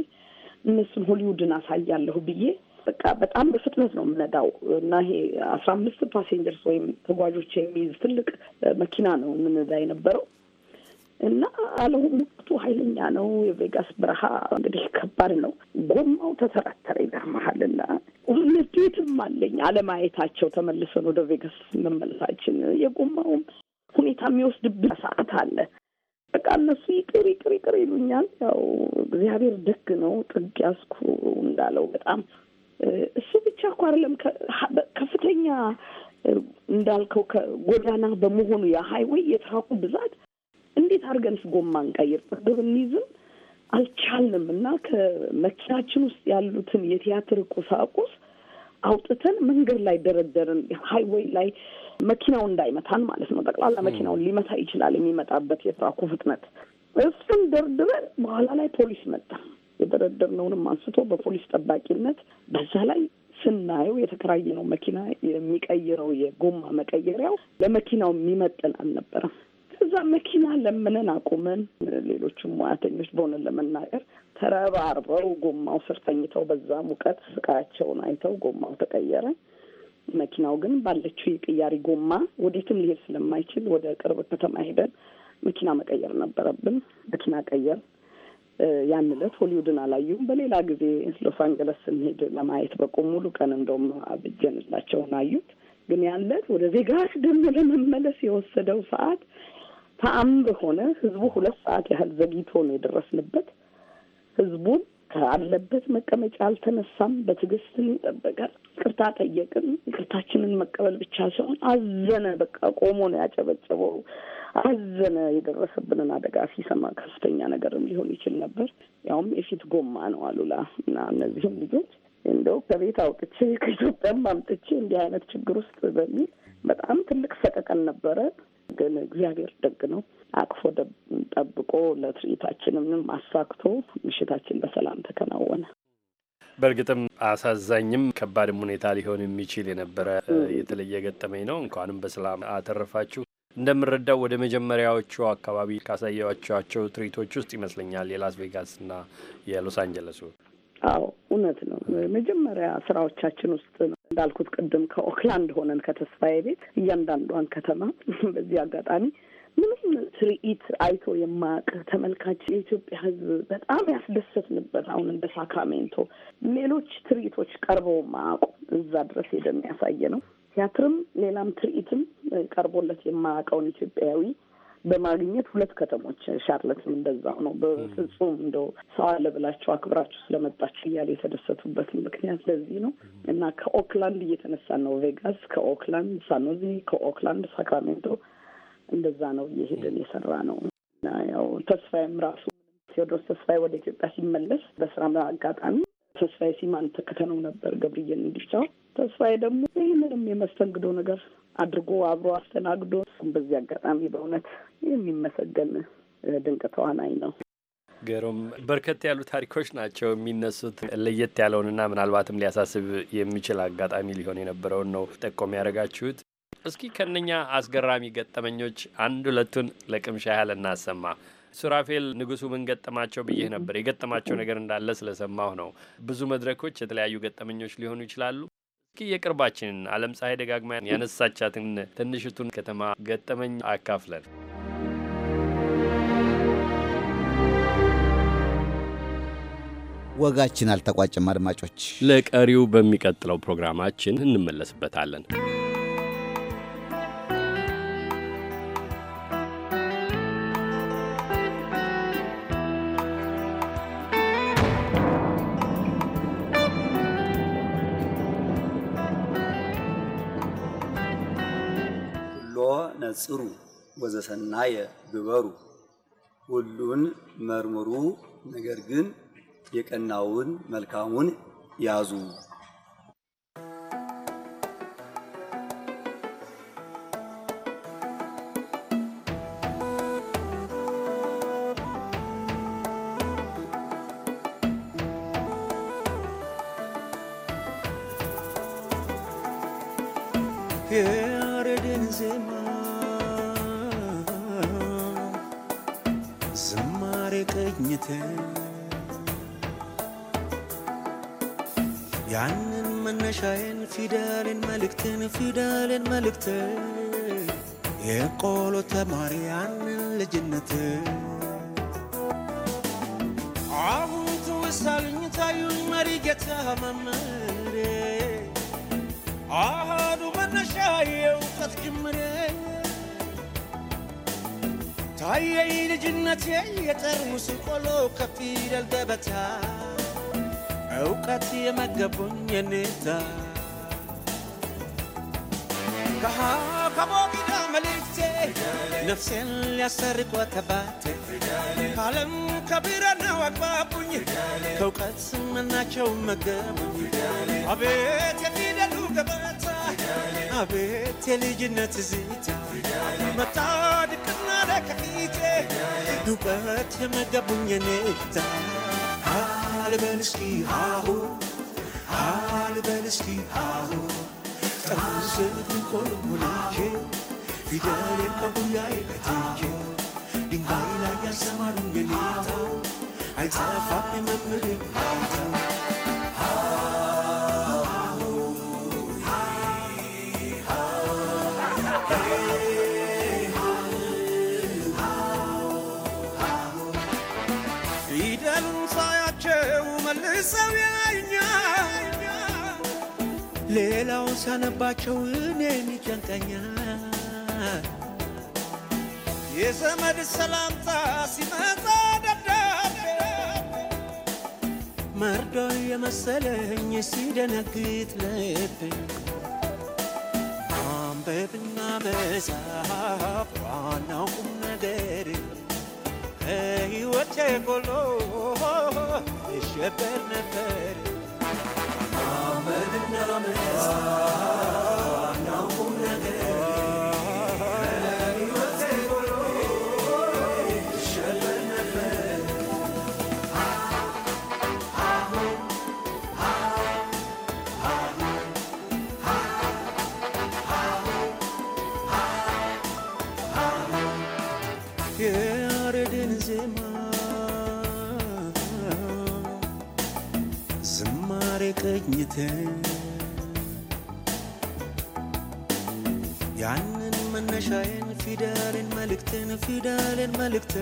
እነሱን ሆሊውድን አሳያለሁ ብዬ በቃ በጣም በፍጥነት ነው የምነዳው እና ይሄ አስራ አምስት ፓሴንጀርስ ወይም ተጓዦች የሚይዝ ትልቅ መኪና ነው የምነዳ የነበረው እና አለሁም ወቅቱ ኃይለኛ ነው። የቬጋስ በረሃ እንግዲህ ከባድ ነው። ጎማው ተተራተረ ይገርመሃል። እና ንዴትም አለኝ አለማየታቸው ተመልሰን ወደ ቬጋስ መመለሳችን የጎማውም ሁኔታ የሚወስድብን ሰዓት አለ። በቃ እነሱ ይቅር ይቅር ይቅር ይሉኛል። ያው እግዚአብሔር ደግ ነው። ጥግ ያዝኩ እንዳለው በጣም እሱ ብቻ እኮ አይደለም ከፍተኛ እንዳልከው ከጎዳና በመሆኑ የሀይዌይ የትራቁ ብዛት እንዴት አድርገንስ ጎማ እንቀይር ጥግብ እንይዝም አልቻልንም እና ከመኪናችን ውስጥ ያሉትን የቲያትር ቁሳቁስ አውጥተን መንገድ ላይ ደረደርን። ሀይወይ ላይ መኪናው እንዳይመታን ማለት ነው። ጠቅላላ መኪናውን ሊመታ ይችላል የሚመጣበት የትራኩ ፍጥነት። እሱን ደርድረን በኋላ ላይ ፖሊስ መጣ። የደረደርነውንም አንስቶ በፖሊስ ጠባቂነት በዛ ላይ ስናየው የተከራየነው መኪና የሚቀይረው የጎማ መቀየሪያው ለመኪናው የሚመጥን አልነበረም። ከዛ መኪና ለምንን አቁመን ሌሎችም ሙያተኞች በሆነን ለመናገር ተረባርበው ጎማው ስር ተኝተው በዛ ሙቀት ስቃያቸውን አይተው ጎማው ተቀየረ። መኪናው ግን ባለችው የቅያሪ ጎማ ወዴትም ሊሄድ ስለማይችል ወደ ቅርብ ከተማ ሄደን መኪና መቀየር ነበረብን። መኪና ቀየር። ያን ዕለት ሆሊውድን አላዩም። በሌላ ጊዜ ሎስ አንጀለስ ስንሄድ ለማየት በቆ ሙሉ ቀን እንደውም አብጀንላቸውን አዩት። ግን ያን ዕለት ወደ ቬጋስ ደግሞ ለመመለስ የወሰደው ሰዓት ተአምር ሆነ። ህዝቡ ሁለት ሰዓት ያህል ዘግይቶ ነው የደረስንበት ህዝቡን ካለበት መቀመጫ አልተነሳም። በትግስት ይጠበቃል። ይቅርታ ጠየቅን። ይቅርታችንን መቀበል ብቻ ሲሆን አዘነ። በቃ ቆሞ ነው ያጨበጨበው። አዘነ። የደረሰብንን አደጋ ሲሰማ ከፍተኛ ነገርም ሊሆን ይችል ነበር። ያውም የፊት ጎማ ነው አሉላ እና እነዚህም ልጆች እንደው ከቤት አውጥቼ ከኢትዮጵያም አምጥቼ እንዲህ አይነት ችግር ውስጥ በሚል በጣም ትልቅ ሰቀቀን ነበረ። ግን እግዚአብሔር ደግ ነው። አቅፎ ጠብቆ ለትርኢታችንንም አሳክቶ ምሽታችን በሰላም ተከናወነ። በእርግጥም አሳዛኝም ከባድም ሁኔታ ሊሆን የሚችል የነበረ የተለየ ገጠመኝ ነው። እንኳንም በሰላም አተረፋችሁ። እንደምንረዳው ወደ መጀመሪያዎቹ አካባቢ ካሳያችኋቸው ትርኢቶች ውስጥ ይመስለኛል የላስ ቬጋስ እና የሎስ አንጀለሱ። አዎ እውነት ነው። መጀመሪያ ስራዎቻችን ውስጥ ነው እንዳልኩት ቅድም ከኦክላንድ ሆነን ከተስፋዬ ቤት እያንዳንዷን ከተማ በዚህ አጋጣሚ ምንም ትርኢት አይቶ የማያውቅ ተመልካች የኢትዮጵያ ሕዝብ በጣም ያስደሰት ነበር። አሁን እንደ ሳክራሜንቶ ሌሎች ትርኢቶች ቀርበው ማያውቁ እዛ ድረስ ሄደ የሚያሳየ ነው። ቲያትርም ሌላም ትርኢትም ቀርቦለት የማያውቀውን ኢትዮጵያዊ በማግኘት ሁለት ከተሞች ሻርለትም እንደዛው ነው። በፍጹም እንደው ሰው አለ ብላችሁ አክብራችሁ ስለመጣችሁ እያሉ የተደሰቱበትን ምክንያት ለዚህ ነው እና ከኦክላንድ እየተነሳ ነው ቬጋስ፣ ከኦክላንድ ሳኖዚ፣ ከኦክላንድ ሳክራሜንቶ እንደዛ ነው እየሄድን የሰራ ነው እና ያው ተስፋዬም ራሱ ቴዎድሮስ ተስፋዬ ወደ ኢትዮጵያ ሲመለስ በስራ አጋጣሚ ተስፋዬ ሲማን ተከተነው ነበር ገብርዬን እንዲቻው ተስፋዬ ደግሞ ይህንንም የመስተንግዶ ነገር አድርጎ አብሮ አስተናግዶ በዚህ አጋጣሚ በእውነት የሚመሰገን ድንቅ ተዋናኝ ነው። ገሩም በርከት ያሉ ታሪኮች ናቸው የሚነሱት። ለየት ያለውንና ምናልባትም ሊያሳስብ የሚችል አጋጣሚ ሊሆን የነበረውን ነው ጠቆም ያደረጋችሁት። እስኪ ከነኛ አስገራሚ ገጠመኞች አንድ ሁለቱን ለቅምሻ ያህል እናሰማ። ሱራፌል ንጉሱ ምን ገጠማቸው ብዬ ነበር። የገጠማቸው ነገር እንዳለ ስለሰማሁ ነው። ብዙ መድረኮች የተለያዩ ገጠመኞች ሊሆኑ ይችላሉ። እስኪ የቅርባችንን አለም ፀሐይ ደጋግማ ያነሳቻትን ትንሽቱን ከተማ ገጠመኝ አካፍለን። ወጋችን አልተቋጨም አድማጮች፣ ለቀሪው በሚቀጥለው ፕሮግራማችን እንመለስበታለን። ነጽሩ ወዘሰናየ ግበሩ ሁሉን መርምሩ፣ ነገር ግን የቀናውን መልካሙን ያዙ። ዝማሬ ቅኝት ያንን መነሻዬን ፊደልን መልእክትን ፊደልን መልእክት የቆሎ ተማሪ ያንን ልጅነት አሁን ትውሳልኝ ታዩኝ መሪ ጌታ መምሬ አሃዱ መነሻዬ እውቀት ጅምሬ ታየኝ ልጅነቴ የጠርሙስ ቆሎ ከፊደል ገበታ እውቀት የመገቡኝ የኔታ ከሃ ከቦጊዳ መልእክቴ ነፍሴን ሊያሰርቆ ተባቴ ካለም ከቢራናው አግባቡኝ ከእውቀት መናቸው መገቡኝ አቤት የፊደሉ ገባ ቤት የልጅነት ዚታ መጣ ድቅና ለከፊቴ ዱበት የመገቡኝ ኔታ አልበል እስኪ ሃሁ አልበል እስኪ ቆልሙላኬ ፊደል ከቡያዬ በትዬ ድንጋይ ላይ ያሰማሩኝ ኔታ አይጠፋም መምህር ሌላውን ሳነባቸው እኔን ይጨንቀኛል። የዘመድ ሰላምታ ሲመጣ ደብዳቤ መርዶ የመሰለኝ ሲደነግጥ ልቤ ማንበብና መጻፍ ዋናው ቁም ነገር ከሕይወቴ ጎሎ ይሸበር ነበር። የአረድን ዜማ ዝማሬ ቀኝተ መነሻዬን ፊደልን መልእክትን ፊደልን መልእክት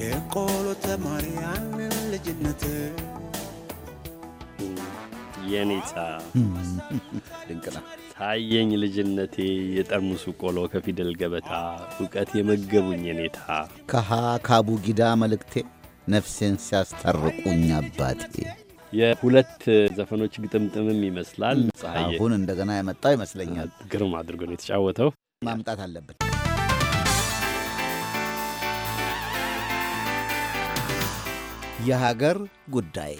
የቆሎ ተማሪ ያንን ልጅነት የኔታ ድንቅ ነው። ታየኝ ልጅነቴ የጠርሙሱ ቆሎ ከፊደል ገበታ እውቀት የመገቡኝ የኔታ ከሀ ከሃ ጊዳ መልእክቴ ነፍሴን ሲያስታርቁኝ አባቴ የሁለት ዘፈኖች ግጥምጥምም ይመስላል። አሁን እንደገና የመጣው ይመስለኛል። ግርም አድርጎ ነው የተጫወተው። ማምጣት አለብን። የሀገር ጉዳይ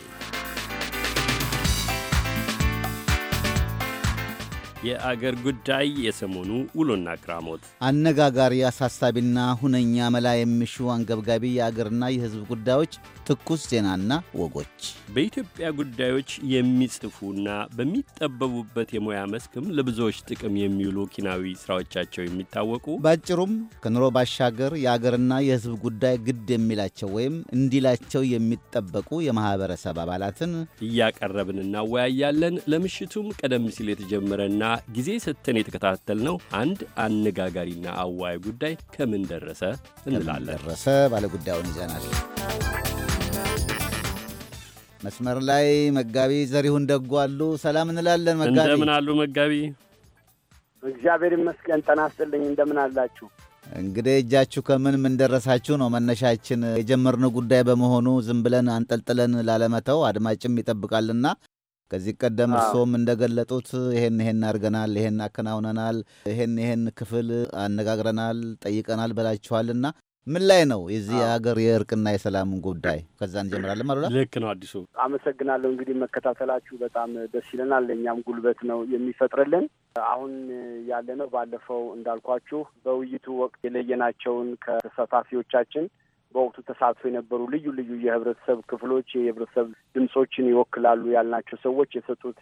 የአገር ጉዳይ የሰሞኑ ውሎና ክራሞት አነጋጋሪ፣ አሳሳቢና ሁነኛ መላ የሚሹ አንገብጋቢ የአገርና የሕዝብ ጉዳዮች፣ ትኩስ ዜናና ወጎች በኢትዮጵያ ጉዳዮች የሚጽፉና በሚጠበቡበት የሙያ መስክም ለብዙዎች ጥቅም የሚውሉ ኪናዊ ሥራዎቻቸው የሚታወቁ ባጭሩም ከኑሮ ባሻገር የአገርና የሕዝብ ጉዳይ ግድ የሚላቸው ወይም እንዲላቸው የሚጠበቁ የማኅበረሰብ አባላትን እያቀረብን እናወያያለን። ለምሽቱም ቀደም ሲል የተጀመረና ጊዜ ስትን የተከታተልነው አንድ አነጋጋሪና አዋይ ጉዳይ ከምን ደረሰ እንላለን። ደረሰ ባለጉዳዩን ይዘናል። መስመር ላይ መጋቢ ዘሪሁን ደጉ አሉ። ሰላም እንላለን መጋቢ። እንደምን አሉ መጋቢ? እግዚአብሔር ይመስገን ጤና ይስጥልኝ። እንደምን አላችሁ? እንግዲህ እጃችሁ ከምን ምን ደረሳችሁ ነው መነሻችን። የጀመርነው ጉዳይ በመሆኑ ዝም ብለን አንጠልጥለን ላለመተው አድማጭም ይጠብቃልና ከዚህ ቀደም እርስዎም እንደገለጡት ይሄን ይሄን አድርገናል፣ ይሄን አከናውነናል፣ ይሄን ይሄን ክፍል አነጋግረናል፣ ጠይቀናል ብላችኋልና ምን ላይ ነው የዚህ የሀገር የእርቅና የሰላምን ጉዳይ? ከዛ እንጀምራለን። አሉላ ልክ ነው። አዲሱ አመሰግናለሁ። እንግዲህ መከታተላችሁ በጣም ደስ ይለናል። ለእኛም ጉልበት ነው የሚፈጥርልን። አሁን ያለነው ባለፈው እንዳልኳችሁ በውይይቱ ወቅት የለየናቸውን ከተሳታፊዎቻችን በወቅቱ ተሳትፎ የነበሩ ልዩ ልዩ የህብረተሰብ ክፍሎች የህብረተሰብ ድምጾችን ይወክላሉ ያልናቸው ሰዎች የሰጡት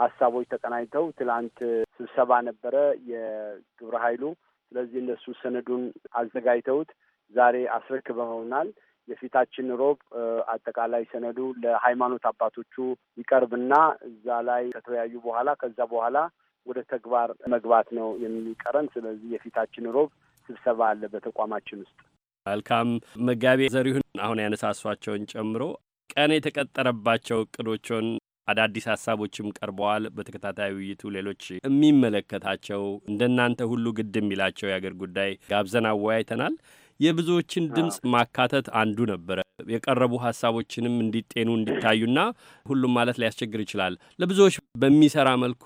ሀሳቦች ተቀናኝተው ትላንት ስብሰባ ነበረ የግብረ ኃይሉ። ስለዚህ እነሱ ሰነዱን አዘጋጅተውት ዛሬ አስረክበውናል። የፊታችን ሮብ አጠቃላይ ሰነዱ ለሃይማኖት አባቶቹ ይቀርብና እዛ ላይ ከተወያዩ በኋላ ከዛ በኋላ ወደ ተግባር መግባት ነው የሚቀረን። ስለዚህ የፊታችን ሮብ ስብሰባ አለ በተቋማችን ውስጥ። መልካም መጋቢ ዘሪሁን አሁን ያነሳሷቸውን ጨምሮ ቀን የተቀጠረባቸው እቅዶችን አዳዲስ ሀሳቦችም ቀርበዋል። በተከታታይ ውይይቱ ሌሎች የሚመለከታቸው እንደናንተ ሁሉ ግድ የሚላቸው የአገር ጉዳይ ጋብዘን አወያይተናል። የብዙዎችን ድምፅ ማካተት አንዱ ነበረ። የቀረቡ ሀሳቦችንም እንዲጤኑ እንዲታዩና ሁሉም ማለት ሊያስቸግር ይችላል። ለብዙዎች በሚሰራ መልኩ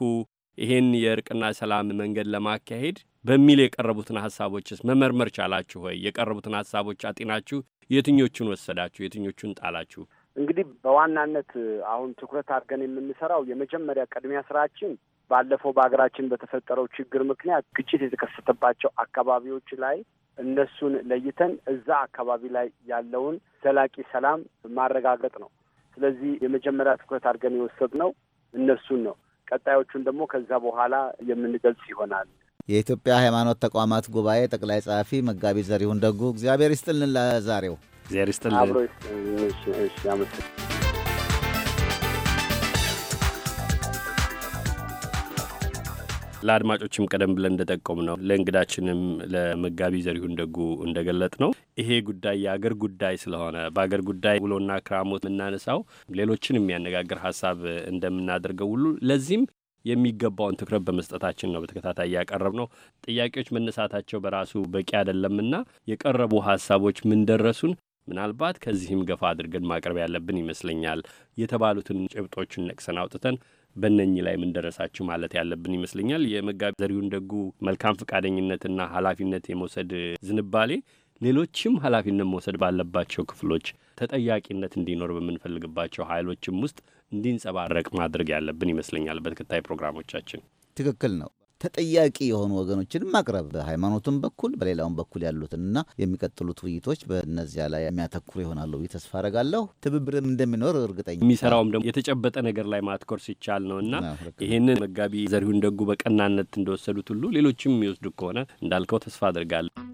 ይህን የእርቅና ሰላም መንገድ ለማካሄድ በሚል የቀረቡትን ሀሳቦችስ መመርመር ቻላችሁ ወይ? የቀረቡትን ሀሳቦች አጤናችሁ? የትኞቹን ወሰዳችሁ? የትኞቹን ጣላችሁ? እንግዲህ በዋናነት አሁን ትኩረት አድርገን የምንሰራው የመጀመሪያ ቅድሚያ ስራችን ባለፈው በሀገራችን በተፈጠረው ችግር ምክንያት ግጭት የተከሰተባቸው አካባቢዎች ላይ እነሱን ለይተን እዛ አካባቢ ላይ ያለውን ዘላቂ ሰላም ማረጋገጥ ነው። ስለዚህ የመጀመሪያ ትኩረት አድርገን የወሰድነው እነሱን ነው። ቀጣዮቹን ደግሞ ከዛ በኋላ የምንገልጽ ይሆናል። የኢትዮጵያ ሃይማኖት ተቋማት ጉባኤ ጠቅላይ ጸሐፊ መጋቢ ዘሪሁን ደጉ እግዚአብሔር ይስጥልን። ለዛሬው እግዚአብሔር ይስጥልን። አብሮ ይስጥልን። አመሰግናለሁ። ለአድማጮችም ቀደም ብለን እንደጠቀሙ ነው ለእንግዳችንም ለመጋቢ ዘሪሁን ደጉ እንደገለጥ ነው ይሄ ጉዳይ የአገር ጉዳይ ስለሆነ በአገር ጉዳይ ውሎና ክራሞት የምናነሳው ሌሎችን የሚያነጋግር ሀሳብ እንደምናደርገው ሁሉ ለዚህም የሚገባውን ትኩረት በመስጠታችን ነው። በተከታታይ ያቀረብ ነው ጥያቄዎች መነሳታቸው በራሱ በቂ አይደለምና የቀረቡ ሀሳቦች ምንደረሱን ምናልባት ከዚህም ገፋ አድርገን ማቅረብ ያለብን ይመስለኛል። የተባሉትን ጭብጦችን ነቅሰን አውጥተን በነኚ ላይ ምን ደረሳችሁ ማለት ያለብን ይመስለኛል። የመጋቢ ዘሪሁን ደጉ መልካም ፈቃደኝነትና ኃላፊነት የመውሰድ ዝንባሌ ሌሎችም ኃላፊነት መውሰድ ባለባቸው ክፍሎች ተጠያቂነት እንዲኖር በምንፈልግባቸው ኃይሎችም ውስጥ እንዲንጸባረቅ ማድረግ ያለብን ይመስለኛል በተከታይ ፕሮግራሞቻችን። ትክክል ነው። ተጠያቂ የሆኑ ወገኖችን ማቅረብ በሃይማኖትም በኩል በሌላውም በኩል ያሉትንና የሚቀጥሉት ውይይቶች በእነዚያ ላይ የሚያተኩሩ ይሆናሉ ብዬ ተስፋ አረጋለሁ። ትብብርም እንደሚኖር እርግጠኛ የሚሰራውም ደግሞ የተጨበጠ ነገር ላይ ማትኮር ሲቻል ነው እና ይህንን መጋቢ ዘሪሁን ደጉ በቀናነት እንደወሰዱት ሁሉ ሌሎችም የሚወስዱ ከሆነ እንዳልከው ተስፋ አድርጋለሁ።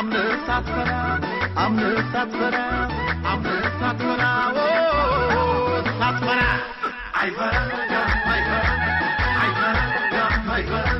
I'm the Satsara, I'm the Satsara, I'm the Satsara, oh, Satsara. I Varanga, I Varanga, I Varanga, I Varanga.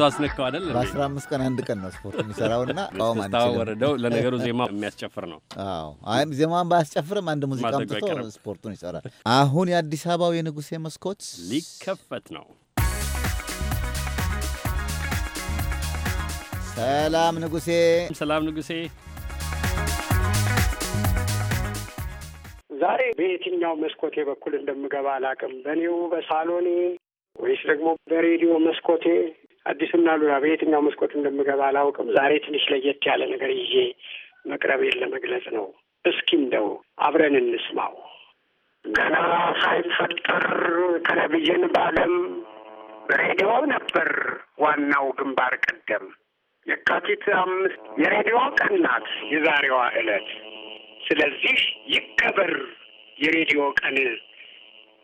በዛው አስነካው አይደል? በአስራ አምስት ቀን አንድ ቀን ነው ስፖርት የሚሰራውና ቃውም ወረደው። ለነገሩ ዜማ የሚያስጨፍር ነው። አዎ አይም ዜማን ባያስጨፍርም አንድ ሙዚቃ አምጥቶ ስፖርቱን ይሰራል። አሁን የአዲስ አበባው የንጉሴ መስኮት ሊከፈት ነው። ሰላም ንጉሴ፣ ሰላም ንጉሴ። ዛሬ በየትኛው መስኮቴ በኩል እንደምገባ አላውቅም። በእኔው በሳሎኔ ወይስ ደግሞ በሬዲዮ መስኮቴ አዲስና ሉላ በየትኛው መስኮት እንደምገባ አላውቅም። ዛሬ ትንሽ ለየት ያለ ነገር ይዤ መቅረቤን ለመግለጽ ነው። እስኪ እንደው አብረን እንስማው። ገና ሳይፈጠር ቴሌቪዥን በዓለም ሬዲዮ ነበር ዋናው ግንባር ቀደም። የካቲት አምስት የሬዲዮ ቀን ናት የዛሬዋ ዕለት። ስለዚህ ይከበር የሬዲዮ ቀን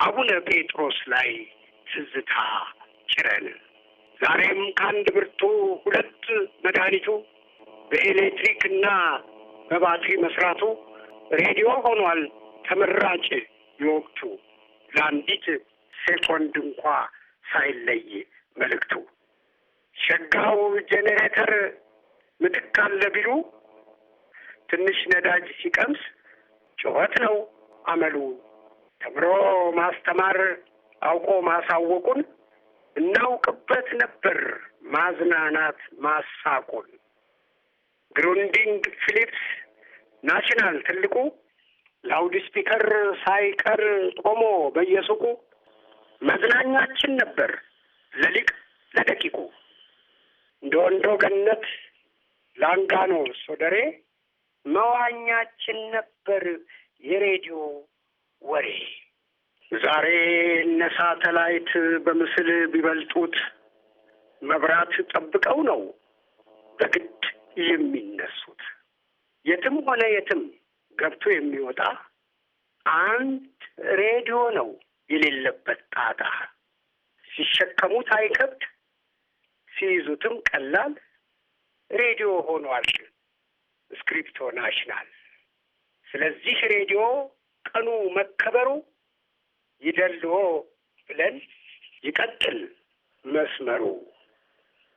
አቡነ ጴጥሮስ ላይ ትዝታ ጭረን ዛሬም ከአንድ ብርቱ ሁለት መድኃኒቱ በኤሌክትሪክ እና በባትሪ መስራቱ ሬዲዮ ሆኗል ተመራጭ የወቅቱ ለአንዲት ሴኮንድ እንኳ ሳይለይ መልእክቱ። ሸጋው ጄኔሬተር ምትክ አለ ቢሉ ትንሽ ነዳጅ ሲቀምስ ጩኸት ነው አመሉ። ተምሮ ማስተማር አውቆ ማሳወቁን እናውቅበት ነበር ማዝናናት ማሳቁን። ግሩንዲንግ ፊሊፕስ ናሽናል ትልቁ ላውድስፒከር ሳይቀር ቆሞ በየሱቁ መዝናኛችን ነበር ለሊቅ ለደቂቁ። እንደ ወንዶ ገነት ላንጋኖ ሶደሬ መዋኛችን ነበር የሬዲዮ ወሬ። ዛሬ እነ ሳተላይት በምስል ቢበልጡት መብራት ጠብቀው ነው በግድ የሚነሱት። የትም ሆነ የትም ገብቶ የሚወጣ አንድ ሬዲዮ ነው የሌለበት ጣጣ። ሲሸከሙት አይከብድ፣ ሲይዙትም ቀላል ሬዲዮ ሆኗል ስክሪፕቶ ናሽናል። ስለዚህ ሬዲዮ ቀኑ መከበሩ ይደልዎ ብለን ይቀጥል መስመሩ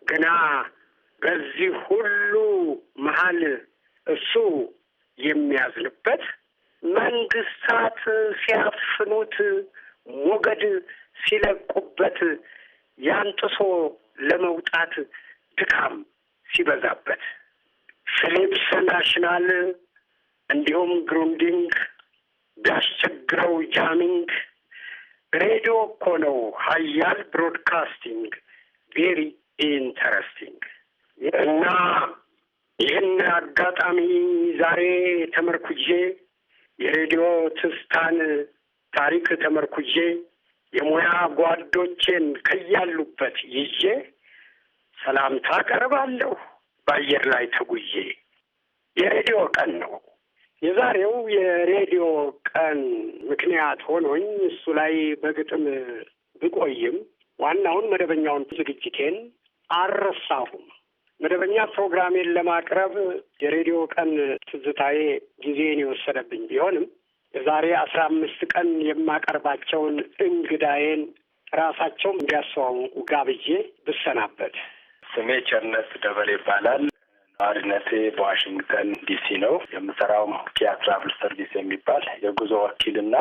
ግና በዚህ ሁሉ መሀል እሱ የሚያዝንበት መንግስታት ሲያፍኑት ሞገድ ሲለቁበት ያንጥሶ ለመውጣት ድካም ሲበዛበት ፊሊፕስ ናሽናል እንዲሁም ግሩንዲንግ ቢያስቸግረው ጃሚንግ ሬዲዮ እኮ ነው ሀያል ብሮድካስቲንግ ቬሪ ኢንተረስቲንግ እና ይህን አጋጣሚ ዛሬ ተመርኩዤ የሬዲዮ ትስታን ታሪክ ተመርኩዤ የሙያ ጓዶቼን ከያሉበት ይዤ ሰላምታ ቀርባለሁ። በአየር ላይ ተጉዬ የሬዲዮ ቀን ነው። የዛሬው የሬዲዮ ቀን ምክንያት ሆኖኝ እሱ ላይ በግጥም ብቆይም ዋናውን መደበኛውን ዝግጅቴን አልረሳሁም። መደበኛ ፕሮግራሜን ለማቅረብ የሬዲዮ ቀን ትዝታዬ ጊዜን የወሰደብኝ ቢሆንም የዛሬ አስራ አምስት ቀን የማቀርባቸውን እንግዳዬን ራሳቸውም እንዲያስተዋውቁ ጋብዬ ብሰናበት። ስሜ ቸርነት ደበል ይባላል። አድነቴ በዋሽንግተን ዲሲ ነው የምሰራው። ኪያ ትራቭል ሰርቪስ የሚባል የጉዞ ወኪልና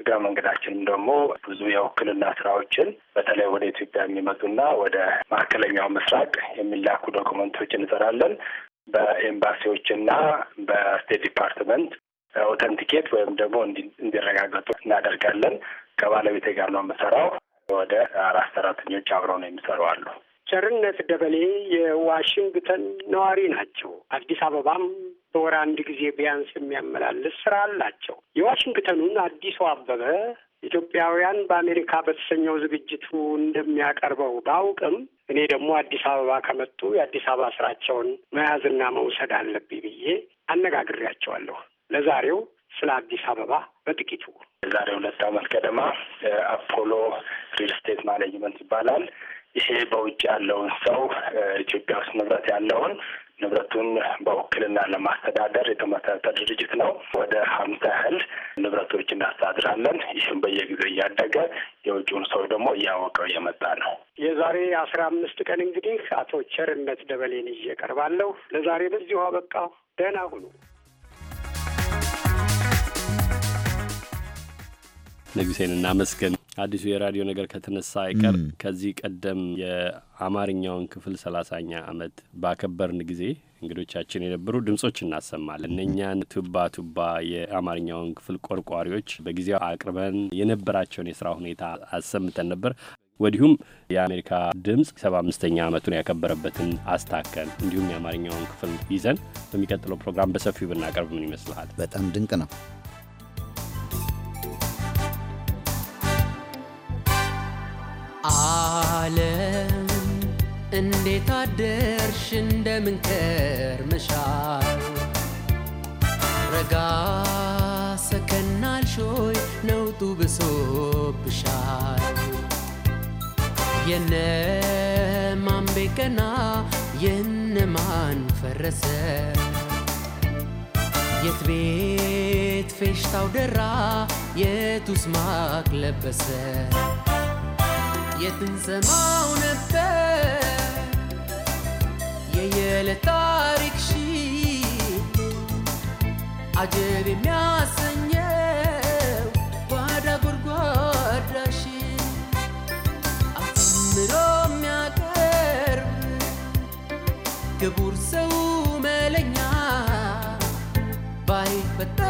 እግረ መንገዳችንም ደግሞ ብዙ የውክልና ስራዎችን በተለይ ወደ ኢትዮጵያ የሚመጡና ወደ መካከለኛው ምስራቅ የሚላኩ ዶክመንቶች እንሰራለን። በኤምባሲዎችና በስቴት ዲፓርትመንት ኦተንቲኬት ወይም ደግሞ እንዲረጋገጡ እናደርጋለን። ከባለቤቴ ጋር ነው የምሰራው። ወደ አራት ሰራተኞች አብረው ነው የሚሰሩ አሉ። ቸርነት ደበሌ የዋሽንግተን ነዋሪ ናቸው። አዲስ አበባም በወር አንድ ጊዜ ቢያንስ የሚያመላልስ ስራ አላቸው። የዋሽንግተኑን አዲሱ አበበ ኢትዮጵያውያን በአሜሪካ በተሰኘው ዝግጅቱ እንደሚያቀርበው ባውቅም እኔ ደግሞ አዲስ አበባ ከመጡ የአዲስ አበባ ስራቸውን መያዝና መውሰድ አለብኝ ብዬ አነጋግሬያቸዋለሁ። ለዛሬው ስለ አዲስ አበባ በጥቂቱ ዛሬ ሁለት ዓመት ቀደማ አፖሎ ሪል ስቴት ማኔጅመንት ይባላል። ይሄ በውጭ ያለውን ሰው ኢትዮጵያ ውስጥ ንብረት ያለውን ንብረቱን በውክልና ለማስተዳደር የተመሰረተ ድርጅት ነው። ወደ ሀምሳ ያህል ንብረቶች እናስተዳድራለን። ይህም በየጊዜው እያደገ የውጭውን ሰው ደግሞ እያወቀው እየመጣ ነው። የዛሬ አስራ አምስት ቀን እንግዲህ አቶ ቸርነት ደበሌን ይዤ ለዛሬ በዚሁ አበቃሁ። ደህና ሁኑ። ንጉሴን እናመስገን። አዲሱ የራዲዮ ነገር ከተነሳ አይቀር ከዚህ ቀደም የአማርኛውን ክፍል ሰላሳኛ ዓመት ባከበርን ጊዜ እንግዶቻችን የነበሩ ድምጾች እናሰማለን። እነኛን ቱባ ቱባ የአማርኛውን ክፍል ቆርቋሪዎች በጊዜው አቅርበን የነበራቸውን የስራ ሁኔታ አሰምተን ነበር። ወዲሁም የአሜሪካ ድምፅ ሰባ አምስተኛ ዓመቱን ያከበረበትን አስታከን እንዲሁም የአማርኛውን ክፍል ይዘን በሚቀጥለው ፕሮግራም በሰፊው ብናቀርብ ምን ይመስልሃል? በጣም ድንቅ ነው። ዓለም እንዴት አደርሽ እንደምን ከርመሻል? ረጋ ሰከናል ነውጡ ብሶብሻል። የነማን ቤት ቀና የነማን ፈረሰ? የት ቤት ፌሽታው ደራ የቱስ ማቅ ለበሰ? E tânsă maune pe E ele tarik și Ageri mea să eu Guarda gurgoarda și Atândro mea cărbi Că bursă umelenia Bai pătă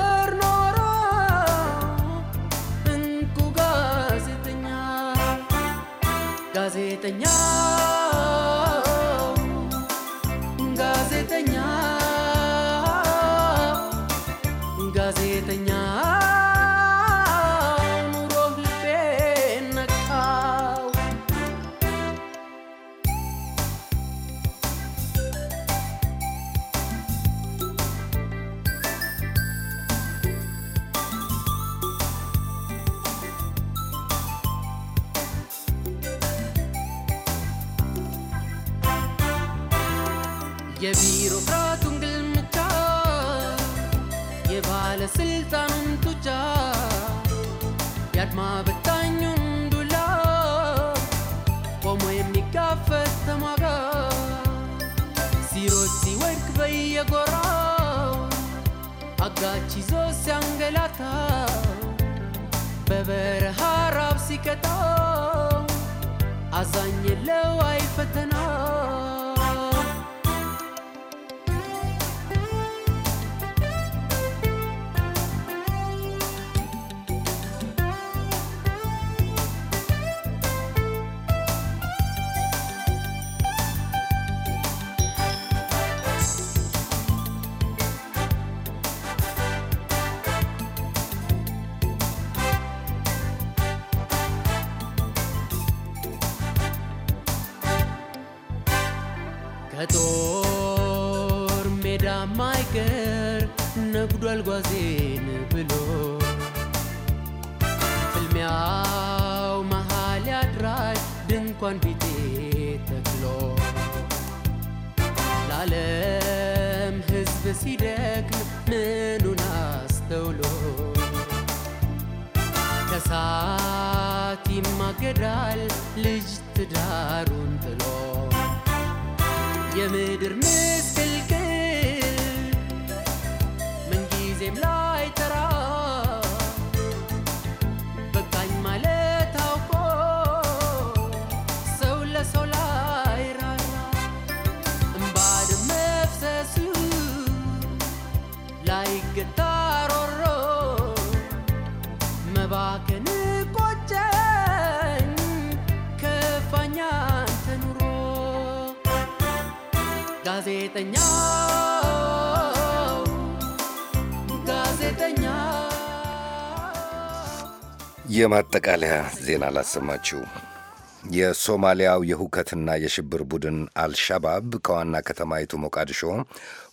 ድንኳን ፊቴ ተክሎ ለዓለም ሕዝብ ሲደክም ምኑን አስተውሎ ከሳት ይማገዳል ልጅ ትዳሩን ጥሎ የምድር ምስቅልቅል ምንጊዜም ላይ ተራ ጋዜጠኛው የማጠቃለያ ዜና ላሰማችሁ። የሶማሊያው የሁከትና የሽብር ቡድን አልሻባብ ከዋና ከተማይቱ ሞቃዲሾ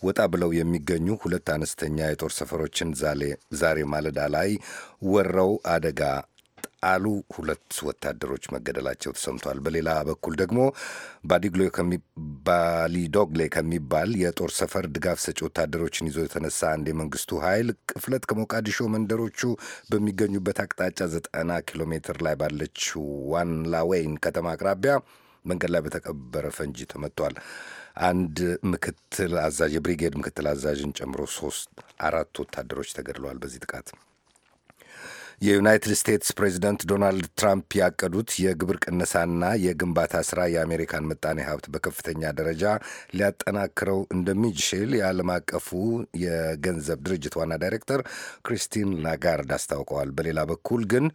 ወጣ ብለው የሚገኙ ሁለት አነስተኛ የጦር ሰፈሮችን ዛሬ ማለዳ ላይ ወረው አደጋ አሉ ሁለት ወታደሮች መገደላቸው ተሰምቷል። በሌላ በኩል ደግሞ ባሊዶግሌ ከሚባል የጦር ሰፈር ድጋፍ ሰጪ ወታደሮችን ይዞ የተነሳ አንድ የመንግስቱ ኃይል ቅፍለት ከሞቃዲሾ መንደሮቹ በሚገኙበት አቅጣጫ 90 ኪሎ ሜትር ላይ ባለችው ዋንላወይን ከተማ አቅራቢያ መንገድ ላይ በተቀበረ ፈንጂ ተመቷል። አንድ ምክትል አዛዥ የብሪጌድ ምክትል አዛዥን ጨምሮ ሶስት አራት ወታደሮች ተገድለዋል በዚህ ጥቃት። የዩናይትድ ስቴትስ ፕሬዚደንት ዶናልድ ትራምፕ ያቀዱት የግብር ቅነሳና የግንባታ ስራ የአሜሪካን ምጣኔ ሀብት በከፍተኛ ደረጃ ሊያጠናክረው እንደሚችል የዓለም አቀፉ የገንዘብ ድርጅት ዋና ዳይሬክተር ክሪስቲን ላጋርድ አስታውቀዋል። በሌላ በኩል ግን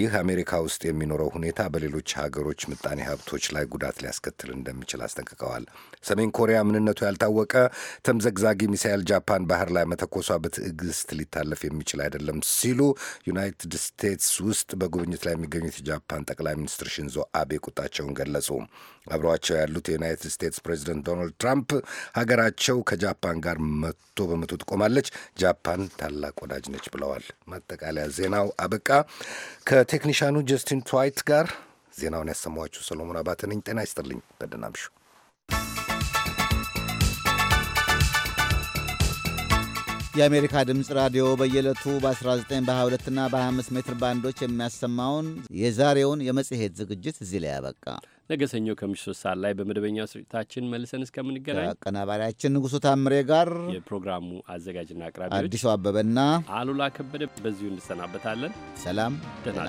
ይህ አሜሪካ ውስጥ የሚኖረው ሁኔታ በሌሎች ሀገሮች ምጣኔ ሀብቶች ላይ ጉዳት ሊያስከትል እንደሚችል አስጠንቅቀዋል። ሰሜን ኮሪያ ምንነቱ ያልታወቀ ተምዘግዛጊ ሚሳኤል ጃፓን ባህር ላይ መተኮሷ በትዕግስት ሊታለፍ የሚችል አይደለም ሲሉ ዩናይትድ ስቴትስ ውስጥ በጉብኝት ላይ የሚገኙት የጃፓን ጠቅላይ ሚኒስትር ሽንዞ አቤ ቁጣቸውን ገለጹ። አብረዋቸው ያሉት የዩናይትድ ስቴትስ ፕሬዚደንት ዶናልድ ትራምፕ ሀገራቸው ከጃፓን ጋር መቶ በመቶ ትቆማለች፣ ጃፓን ታላቅ ወዳጅ ነች ብለዋል። ማጠቃለያ ዜናው አበቃ። ከቴክኒሻኑ ጀስቲን ትዋይት ጋር ዜናውን ያሰማኋችሁ ሰሎሞን አባተ ነኝ። ጤና ይስጥልኝ። በደህና የአሜሪካ ድምፅ ራዲዮ በየዕለቱ በ19 በ22ና በ25 ሜትር ባንዶች የሚያሰማውን የዛሬውን የመጽሔት ዝግጅት እዚህ ላይ ያበቃ። ነገ ሰኞ ከምሽቱ ሶስት ሰዓት ላይ በመደበኛው ስርጭታችን መልሰን እስከምንገናኝ ከአቀናባሪያችን ንጉሱ ታምሬ ጋር የፕሮግራሙ አዘጋጅና አቅራቢ አዲሱ አበበና አሉላ ከበደ በዚሁ እንሰናበታለን። ሰላም ደህና